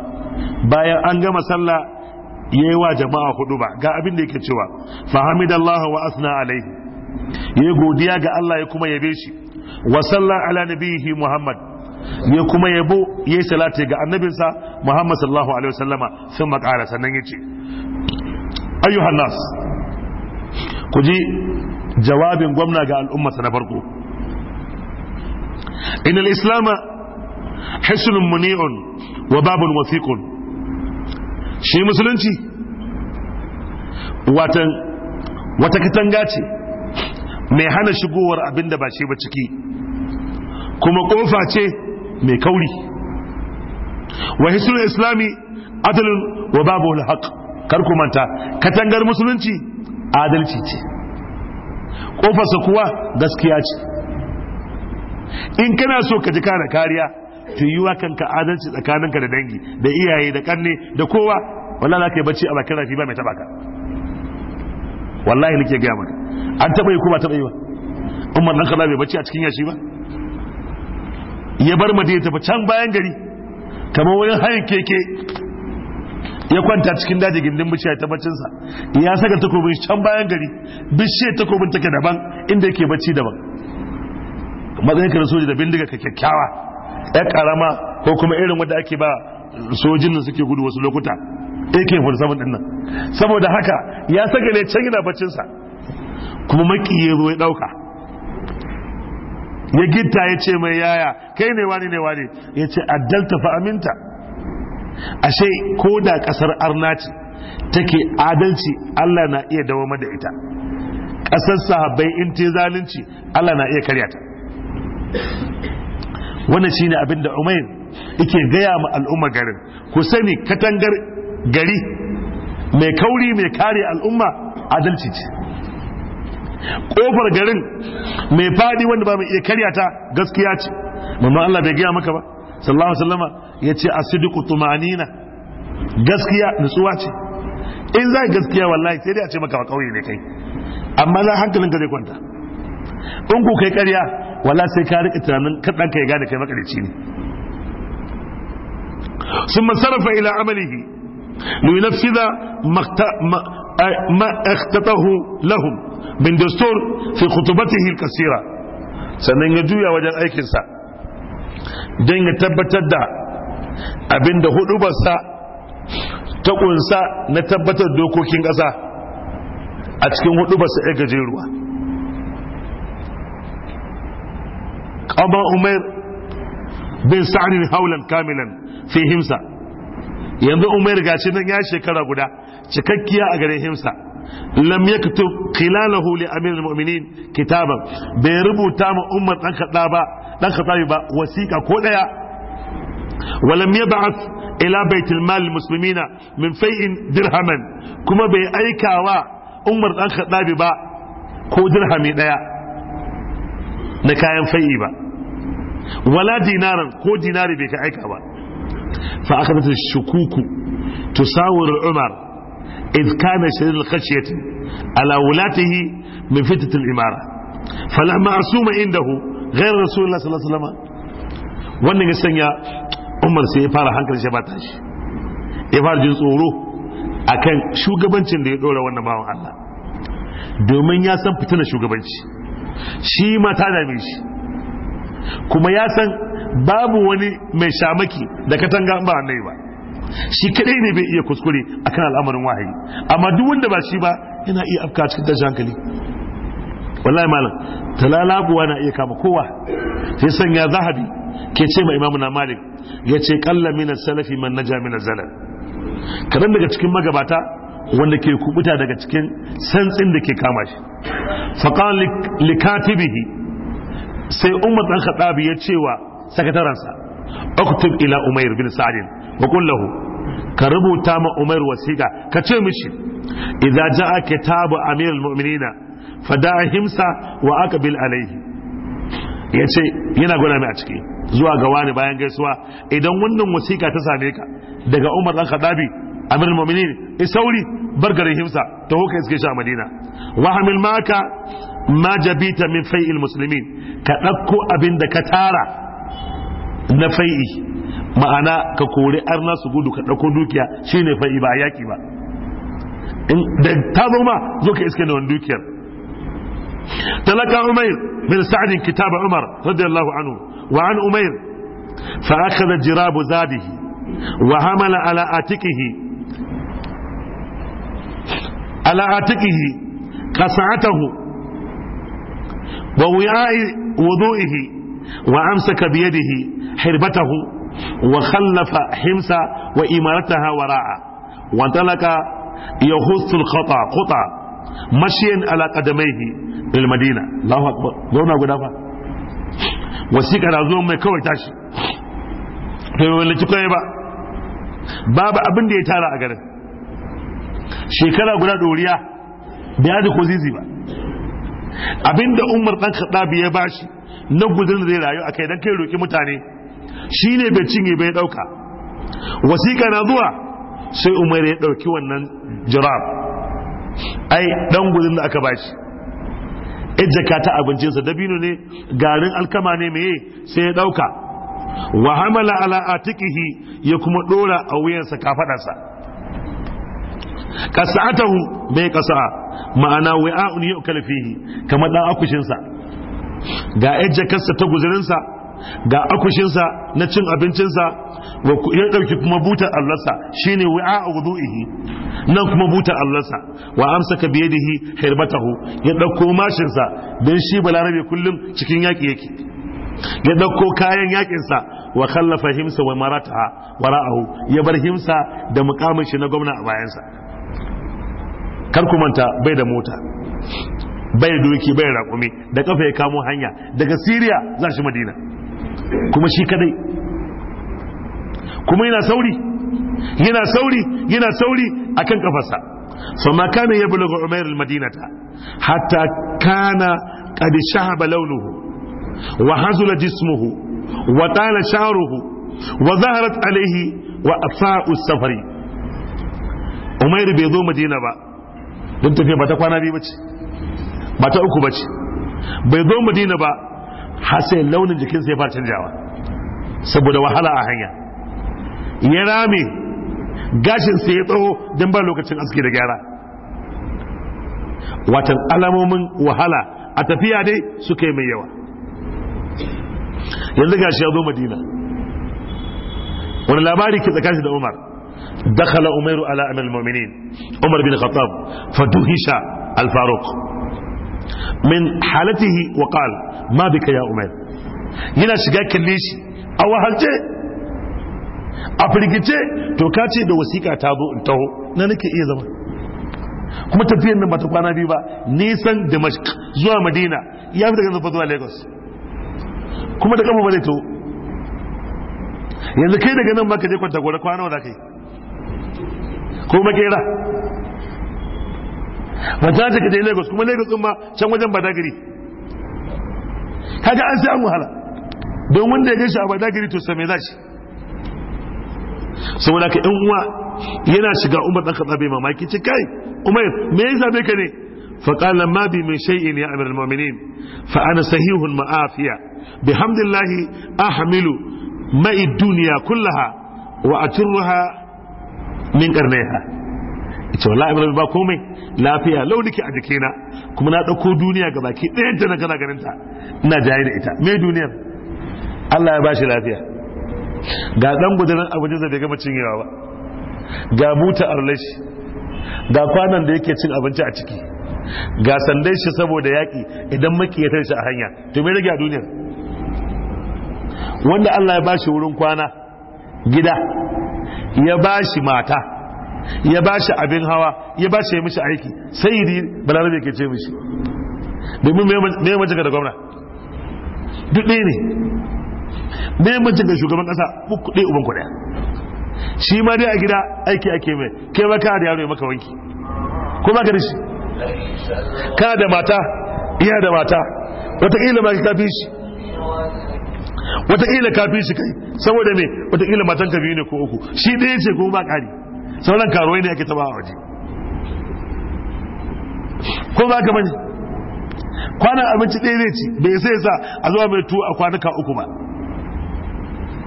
[SPEAKER 1] bayan an gama sallah yayi wa jama'a ba. ga abin da yake cewa fa hamidallahu wa asna alaihi yi godiya ga Allah ya kuma yabe shi wa salla ala nabihi muhammad ya kuma yabo ya yi salati ga annabinsa muhammad sallallahu alaihi wasallama sun makara sannan yace ayyuhan nas ku ji jawabin gwamna ga al'ummarsa na farko inal islama hisnun muni'un wa babun wasiqun shi musulunci watan wata katanga ce mai hana shigowar abinda ba shi ba ciki kuma kofa ce mai kauri wa hisnun islami adalun wa babul haq kar ku manta katangar musulunci adalci ce kofa su kuwa gaskiya ce in kana so ka ji kana kariya to kan ka kanka adalci tsakaninka da dangi da iyaye da kanne da kowa wallahi za ka yi bacci a bakin rafi ba mai taba ka wallahi nake gaya maka an taba yi ko ba taba yi ba umar dan kaza bai bacci a cikin yashi ba ya bar ya tafi can bayan gari kamar wurin hayan keke ya kwanta cikin daji gindin bishiya ta baccinsa ya saka takobin can bayan gari bishiya takobin take daban inda yake bacci daban matsayin ka da soji da bindiga ka kyakkyawa ya karama ko kuma irin wanda ake ba sojin nan suke gudu wasu lokuta AK47 din nan saboda haka ya saka ne can yana baccinsa kuma makiye ya dauka ya gitta ya ce mai yaya kai ne wani ne wani ya ce addalta fa aminta ashe ko da kasar arnaci take adalci Allah na iya dawo da ita kasar sahabbai in te zalunci Allah na iya karyata wannan shine abin da umair yake gaya ma al'umma garin ku sani katangar gari mai kauri mai kare al'umma adalci ce kofar garin mai fadi wanda ba mai iya karya ta gaskiya ce mamman Allah bai gaya maka ba sallallahu alaihi wasallama yace asidiku tumanina gaskiya nutsuwa ce in za gaskiya wallahi sai dai a ce maka ba kauye ne kai amma za hankalinka zai kwanta in ku kai karya wala sai ka rika tunanin kaɗan ka ya gane kai makarici ne sun masarrafa ila amalihi لينفذ ما اختته لهم من دستور في خطبته القصيرة sannan ya juya wajen aikinsa don ya tabbatar da abinda hudubarsa ta kunsa na tabbatar dokokin ƙasa a cikin hudubarsa ya gajeruwa qada umair bin sa'rin haulan kamilan fi himsa yanzu umair gashi nan ya shekara guda cikakkiya a garin himsa lam yaktub khilalahu li amir almu'minin kitaban bai rubuta ma umar dan kada ba dan kada ba wasiqa ko daya ولم يبعث إلى بيت المال المسلمين من فيء kuma bai aika wa umar dan kadabi ba ko dirhami ɗaya? na kayan fai'i ba wala dinaran ko dinari bai ka aika ba fa aka nata shukuku tusawir umar idh kana shadid al-khashyati ala wulatihi min fitnat al-imara falamma asuma indahu ghayr rasulullah sallallahu alaihi wasallam wannan ya sanya umar sai ya fara hankalin shi ba tashi ya fara jin tsoro akan shugabancin da ya dora wannan bawan Allah domin ya san fitina shugabanci shi mata da dame shi kuma ya san babu wani mai shamaki da katanga ba nai ba shi kadai ne bai iya kuskure akan al'amarin wahayi amma duk wanda ba shi ba yana iya afka cikin da hankali wallahi malam talalabuwa na iya kama kowa sai sanya zahabi ke ce ma imamu na malik ya ce kalla na salafi man naja na zalal kadan daga cikin magabata wanda ke kubuta daga cikin santsin da ke kama shi faƙan likatibihi sai umar ɗan khattabi ya ce wa sakataransa uktub ila umair bin sa'adin wa qul lahu ka rubuta ma umair wasiqa ka ce mishi idza ja'a kitabu amirul mu'minina fada'himsa wa aqbil alayhi yace yana gwada mai a ciki zuwa ga wani bayan gaisuwa idan wannan wasiƙa ta same ka daga umar ɗan khattabi amir mu'minin isauri bar garin himsa ta ka iske shi a madina wa hamil maka ma jabita min fai'il musulmin. ka ɗauko abin da ka tara na fai'i ma'ana ka kori arna su gudu ka ɗauko dukiya shine fai'i ba yaki ba da ta zo ma zo ka iske da wani dukiyar تلقى عمير بن سعد كتاب عمر رضي الله عنه وعن عمير فأخذ جراب زاده وحمل على آتكه ala atikihi qasa'atahu wa wi'a'i wudu'ihi wa amsaka bi yadihi hirbatahu wa khallafa himsa wa imarataha wara'a wa talaka yahuthu al-khata qata mashiyan ala qadamayhi lil wasiƙa da mai kawai tashi to kai ba babu abin da ya tara a garin shekara guda doriya bai yaji ko zizi ba abinda umar dan khadabi ya bashi na gudun zai rayu a kai dan kai roki mutane shine bai cinye bai ɗauka. wasiƙa na zuwa sai umar ya ɗauki wannan jirab ai ɗan gudun da aka bashi jaka ta abincinsa dabino ne garin alkama ne meye sai ya dauka wa hamala ala atikihi ya kuma ɗora a wuyansa kafadarsa kasatahu bai kasa'a ma'ana wi'a'un yu'kal fihi kamar dan akushin sa ga ejjakarsa ta guzurin sa ga akushin sa na cin abincin sa ya dauki kuma butar sa shine wi'a'u wudu'ihi nan kuma butar sa wa amsaka bi yadihi hirbatahu ya dauko mashin sa dan shi balarabe kullum cikin yaki yake ya dauko kayan yakin sa wa khallafa himsa wa marata wara'ahu ya bar himsa da mukamin shi na gwamna a bayansa kar ku manta bai da mota bai da doki bai da raƙumi da kafa ya kamo hanya daga siriya za shi madina kuma shi kadai kuma yana sauri yana sauri yana sauri akan kafarsa ma kana ya bulaga umair madinata hatta kana qad shahaba launuhu wa hazula jismuhu wa tala sha'ruhu wa zaharat alayhi wa afa'u safari umair bai zo madina ba don tafiya ba ta kwana biyu bace ba ta uku bace bai zo madina ba har sai launin jikinsa ya fara canjawa saboda wahala a hanya ya rame gashinsa ya tsawo don ba lokacin aski da gyara watan alamomin wahala a tafiya dai suka yi mai yawa yanzu gashi ya zo madina wani labari ke tsakashi da umar دخل عمر على أمير المؤمنين عمر بن الخطاب فدهش الفاروق من حالته وقال ما بك يا عمر هنا shiga kalle shi a wahalce a firgice to ka تابو da wasiƙa ta zo in kuma tafiyan nan ba ta kwana biyu ba nisan damashq zuwa madina ya fi daga zafa zuwa lagos kuma da kama ba zai to yanzu kai daga nan ba ka je kwanta gore kwana wa za ka yi ko makera ba ta ce ka je lagos kuma lagos ɗin ma can wajen badagiri kaga an sai an wahala don wanda ya gaisa a Badagari to sai mai zashi saboda ka 'yan uwa yana shiga umar ɗan kaɓa mamaki ce kai umar me ya zaɓe ka ne faƙala ma bi mai shai'in ya amir al-mominin fa'ana sahihun ma'afiya bi hamdin lahi ahamilu mai duniya kullaha wa a turuwa min ha ita wallahi ibn ba komai lafiya launike a na kuma na dauko duniya ga baki ɗayan ta na gana ganin ta ina jaye da ita me duniyar Allah ya bashi lafiya ga dan gudanar da bai gama cinyewa ba ga muta arlashi ga kwanan da yake cin abinci a ciki ga sandan shi saboda yaƙi idan ya shi a hanya to me rage a duniyar wanda Allah ya bashi wurin kwana gida ya ba shi mata ya ba shi abin hawa ya ba shi ya mishi aiki sai yi balarabe ke ce mishi domin me ya da gwamna duk ɗaya ne me ya da shugaban ƙasa uku ɗaya uban kuɗaya shi ma dai a gida aiki ake mai ke ma ka da yaro ya maka wanki ko ba ka da shi kana da mata iya da mata wataƙila ma ka fi shi wataƙila kafin shi kai saboda me wataƙila matan ka biyu ne ko uku shi ɗaya ce ko ba ƙari sauran karuwai ne ake taba a waje ko ba ka bane kwanan abinci ɗaya ne ci bai sai sa a zuwa mai tuwo a kwanuka uku ba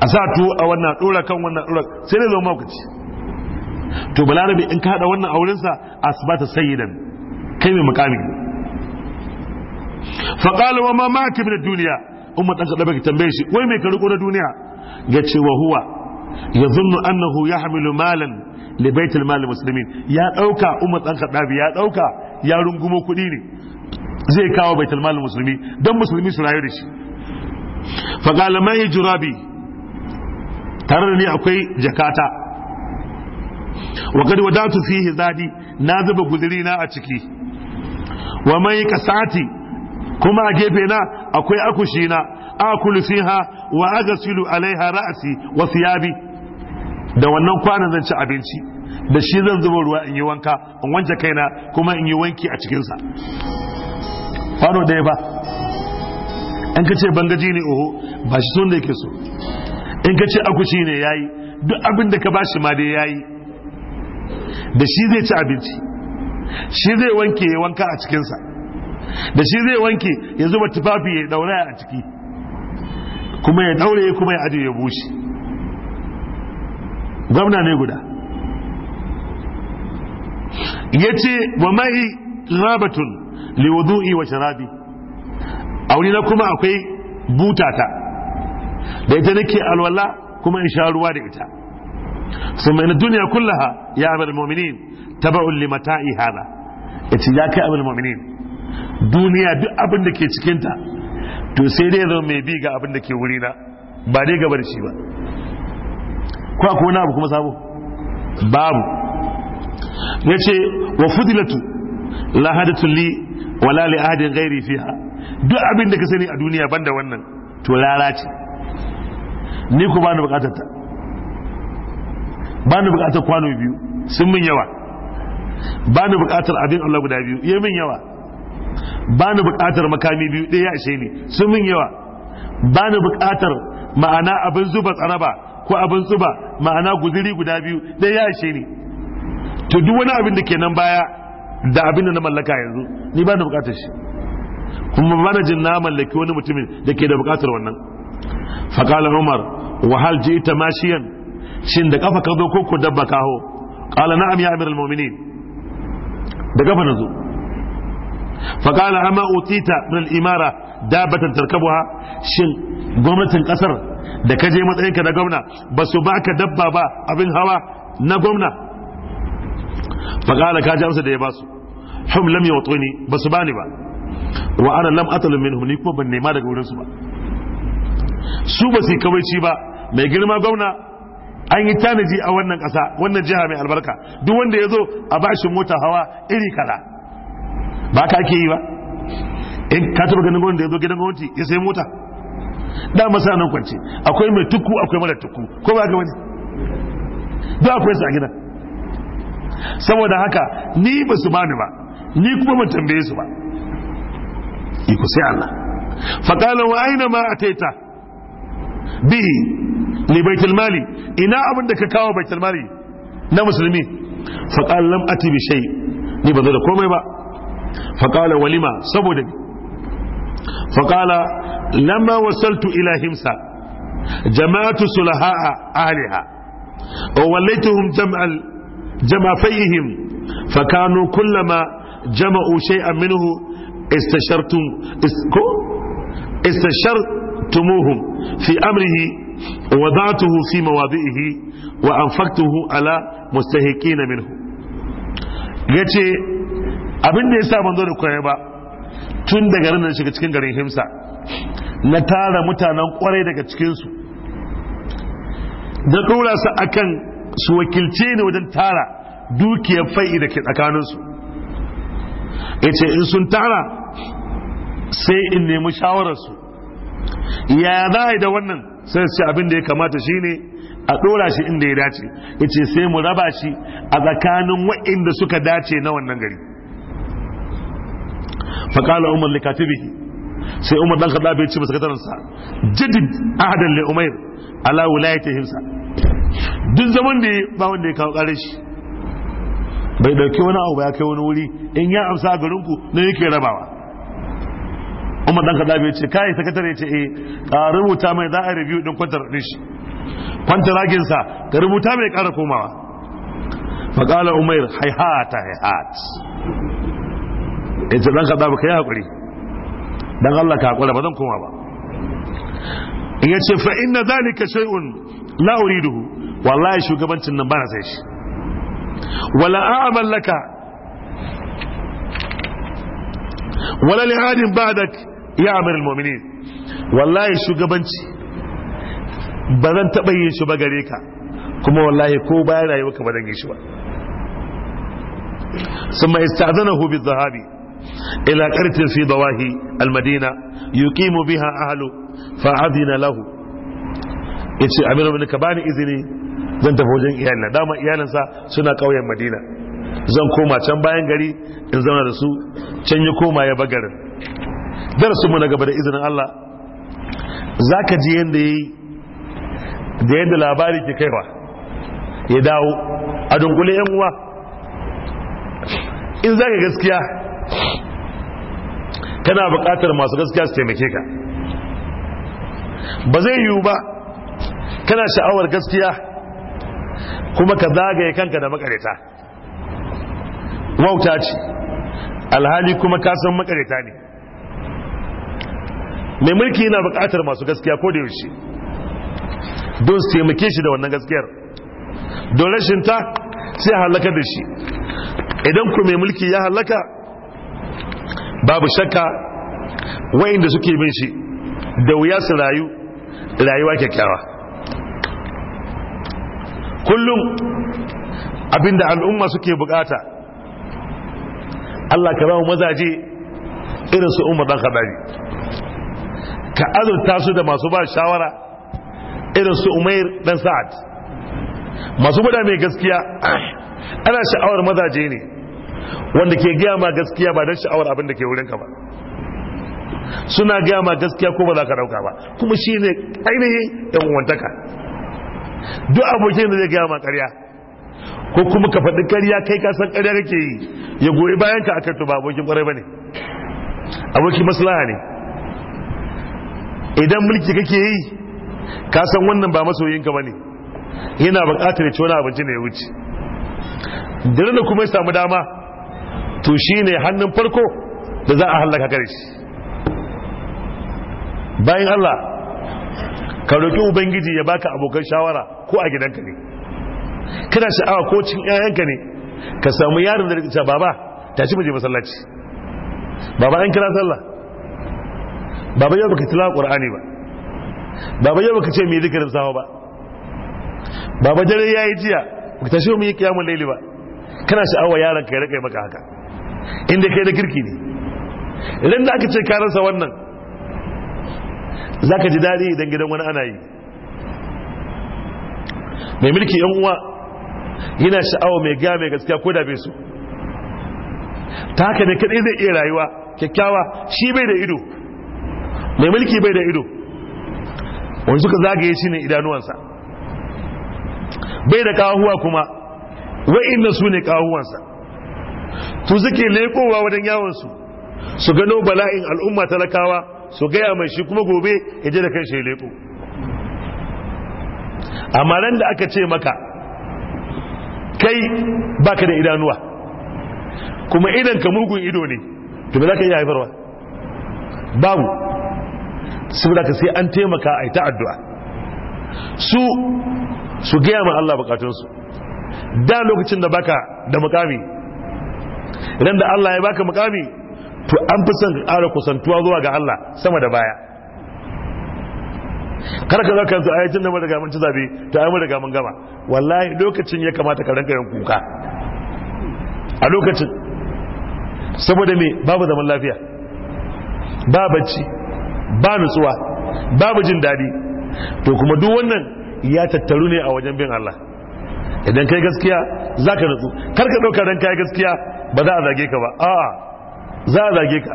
[SPEAKER 1] a sa tuwo a wannan ɗora kan wannan ɗora sai ne zama maukaci to balarabe in ka haɗa wannan aurensa asibata sayyidan kai mai mukami faƙalawa ma maki min duniya umar dan kadaba ki tambaye shi wai mai ka riko na duniya ya ce wa huwa zunnu annahu ya malan li baitil mal muslimin ya dauka umar dan kadabi ya dauka ya rungumo kudi ne zai kawo baitul mal muslimi dan musulmi su rayu da shi fa qala ma yajrabi tare da ni akwai jakata wa kad wadatu fihi zadi na zuba gudurina a ciki wa mai kasati kuma a gefe na akwai akushi na akulu fiha wa agasilu alaiha ra'asi wa siyabi da wannan kwanan zan ci abinci da shi zan zuba ruwa in yi wanka in wanke kaina kuma in yi wanki a cikinsa kwano ɗaya ba in ka ce bangaji ne oho ba shi son da yake so in ka ce akushi ne yayi duk abin da ka bashi ma dai yayi da shi zai ci abinci shi zai wanke wanka a cikinsa da shi zai wanke ya zuba tufafi ya daura a ciki kuma ya daure kuma ya ajiye ya bushe gwamna ne guda ya ce wa mai rabatun liwudu'i wa sharabi a wuri na kuma akwai butata da ita nake alwala kuma in sha ruwa da ita sun mai na duniya kullaha ya amir mominin taba'un limatai hada ya ya kai amir mominin duniya duk abin da ke cikinta to sai dai zama mai bi ga abin da ke wurina ba dai gabar shi ba ko ko na abu kuma sabo babu ya ce wa fudilatu la hadatu li wala li ahadin ghairi fiha duk abin da ka sani a duniya banda wannan to lalace ni ku bani bukatar ta bani bukatar kwano biyu sun min yawa bani bukatar abin Allah guda biyu yi min yawa ba ni buƙatar makami biyu ɗaya ya ishe ni sun min yawa ba ni buƙatar ma'ana abin zuba tsara ba ko abin zuba ma'ana guziri guda biyu ɗaya ya ishe ni to duk wani abin da ke nan baya da abin da na mallaka yanzu ni ba ni buƙatar shi kuma ba na jin na mallaki wani mutumin da ke da buƙatar wannan faƙala umar wahal ji ita mashiyan shin da kafa ka zo ko ko dabba kaho ƙala na'am ya al mu'minin da kafa na zo فقال أما أوتيت من الإمارة دابة تركبها شن gwamnatin kasar da ka je matsayinka na gwamna ba su baka dabba ba abin hawa na gwamna faƙala ka ji amsa da ya basu. su hum lam yutuni ba su bani ba wa ana lam atalu minhum ni kuma ban nema daga wurin su ba su ba su kawaici ba mai girma gwamna an yi tanaji a wannan kasa wannan jiha mai albarka duk wanda ya zo a bashi mota hawa iri kaza ba ka ake yi ba in ka taba ganin gwamnati da ya zo gidan gwamnati ya sai mota da masana nan kwance akwai mai tukku akwai mara tukku ko ba ga wani da akwai su a gidan saboda haka ni ba su bani ba ni kuma ban tambaye su ba iku sai Allah fa wa aina ma ataita bi li baitul mali ina abin da ka kawo baitul mali na musulmi fa lam ati bi shay ni ba zo da komai ba faƙala walima saboda ne faƙala lamma wasaltu ila himsa jama'atu sulaha'a ahliha wa wallaituhum jam'al jama'fayhim fakanu kullama jama'u shay'an minhu istashartum isko fi amrihi وضعته في مواضعه وأنفقته على مستهقين منه ce. abin da ya sa ban zo da kwaye ba tun daga nan shiga cikin garin himsa na tara mutanen kwarai daga cikinsu da ɗora su akan su wakilce ne wajen tara dukiyar fai'i da ke tsakaninsu ya ce in sun tara sai in nemi shawararsu ya za yi da wannan sai su abin da ya kamata shine a ɗora shi inda ya dace ya sai mu raba shi a tsakanin wa'inda suka dace na wannan gari فقال عمر لكاتبه سي sai umar dan khattab ya جدد masa sakataren sa jadid ahadan li umayr ala wilayatihim sa duk zaman da ba wanda ya kawo bai dauki wani abu ba ya kai wani wuri in ya amsa a garin ku ne yake rabawa umar dan kaɗa ya ce kai sakatare ya ce eh a rubuta mai za a review din kwantar din shi kwantar ragin sa ka rubuta mai kara komawa fa qala umayr hayhat hayhat in ce dan ka zaɓi ka yi haƙuri don Allah ka haƙura ba zan koma ba in ya ce fa inna zalika shay'un la uriduhu wallahi shugabancin nan ba na sai shi wala a'mal laka wala li hadin ba'dak ya amir almu'minin wallahi shugabanci ba zan taɓa yin shi ba gare ka kuma wallahi ko bayan rayuwa ka ba zan yi shi ba ثم استأذنه بالذهاب ila qartin fi dawahi almadina yuqimu biha ahlu fa adina lahu yace amiru ka bani izini zan tafi wajen iyalina iyalin iyalinsa suna kauyen madina zan koma can bayan gari in zauna da su can ya koma ya bagarin darasinmu na gaba da izinin Allah za ka ji yadda ya yi da yadda labari ke kaiwa ya dawo a dunkule yan uwa in za ka gaskiya kana buƙatar masu gaskiya su taimake ka ba zai yiwu ba kana sha'awar gaskiya kuma ka zagaye kanka da makareta wauta ce alhali kuma ka san makareta ne mai mulki yana buƙatar masu gaskiya ko da yaushe don su taimake shi da wannan gaskiyar don rashin ta sai halaka da shi idan ku mai mulki ya halaka babu shakka wayanda suke bin shi da wuya su rayu rayuwa kyakkyawa kullum abinda al'umma suke bukata Allah ka bawo mazaje irin su umar dan khadari ka azurta su da masu ba shawara irin su umair dan sa'ad masu guda mai gaskiya ana sha'awar mazaje ne wanda ke gaya ma gaskiya ba don sha'awar abin da ke wurin ka ba suna gaya ma gaskiya ko ba za ka dauka ba kuma shi ne ainihin yan uwantaka duk abokin da zai gaya ma karya ko kuma ka faɗi karya kai ka san karya kake yi ya goyi bayan ka akan to ba abokin kwarai ba ne abokin maslaha ne idan mulki kake yi ka san wannan ba masoyinka ba ne yana bukatar ya ci wani abinci ne ya wuce da kuma ya samu dama to ne hannun farko da za a hallaka kare shi bayan Allah ka roƙi ubangiji ya baka abokan shawara ko a gidanka ne kana sha'awa ko cin 'ya'yanka ne ka samu yaron da rikicin baba tashi mu je masallaci baba an kira sallah baba yau baka tilawa qur'ani ba baba yau baka ce me zikirin sawa ba baba dare yayi jiya baka tashi mu yi kiyamul layli ba kana sha'awa yaron ka ya rike maka haka inda kai da kirki ne idan da aka ce ka wannan za ka ji daɗi idan gidan wani ana yi mai mulki yan uwa yana sha'awa mai gaya mai gaskiya ko da bai su, ta haka ne kaɗai zai iya rayuwa kyakkyawa shi bai da ido mai mulki bai da ido wani suka zagaye shi ne idanuwansa bai da kawahuwa kuma wa'in na su ne kawahuwansa To suke lekowa wajen yawansu su gano bala'in al'umma talakawa su gaya mai shi kuma gobe ya je da kan shi leko amma nan da aka ce maka kai baka da idanuwa kuma idan ka mugun ido ne to ba za ka iya haifarwa babu saboda ka sai an taimaka a ta addu'a su su gaya ma Allah bukatunsu da lokacin da baka da mukami idan da Allah ya baka mukami to an fi son ƙara kusantuwa zuwa ga Allah sama da baya kar ka zaka yanzu ayatin da daga mun ci zabe ta ai daga mun gama wallahi lokacin ya kamata ka ranka yin kuka a lokacin saboda me babu zaman lafiya ba bacci ba nutsuwa babu jin daɗi to kuma duk wannan ya tattaru ne a wajen bin Allah idan kai gaskiya za nutsu kar ka ɗauka dan kayi gaskiya ba za a zage ka ba a za a zage ka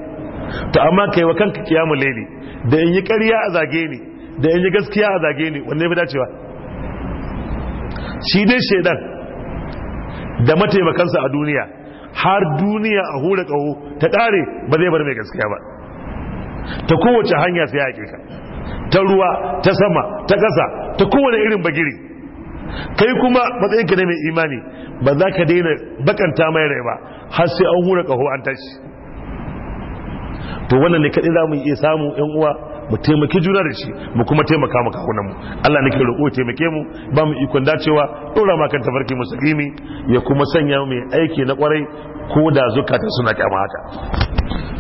[SPEAKER 1] to amma kai wa kanka kiyamul laili da in yi ƙarya a zage ni da in yi gaskiya a zage ni wanne fi dacewa shi dai shedan da mataimakansa a duniya har duniya a hura kaho ta ƙare ba zai bar mai gaskiya ba ta kowace hanya sai ya ka ta ruwa ta sama ta ƙasa ta kowane irin bagiri kai kuma matsayin ka ne mai imani ba za ka daina bakanta mai rai ba har sai an hura kaho an tashi to wannan ne kadai za mu iya samu yan uwa mu taimaki juna da shi mu kuma taimaka maka kunan mu Allah nake roƙo taimake mu ba mu ikon dacewa dora ma kan tafarki musulmi ya kuma sanya mu mai aiki na kwarai ko da zukata suna kyama haka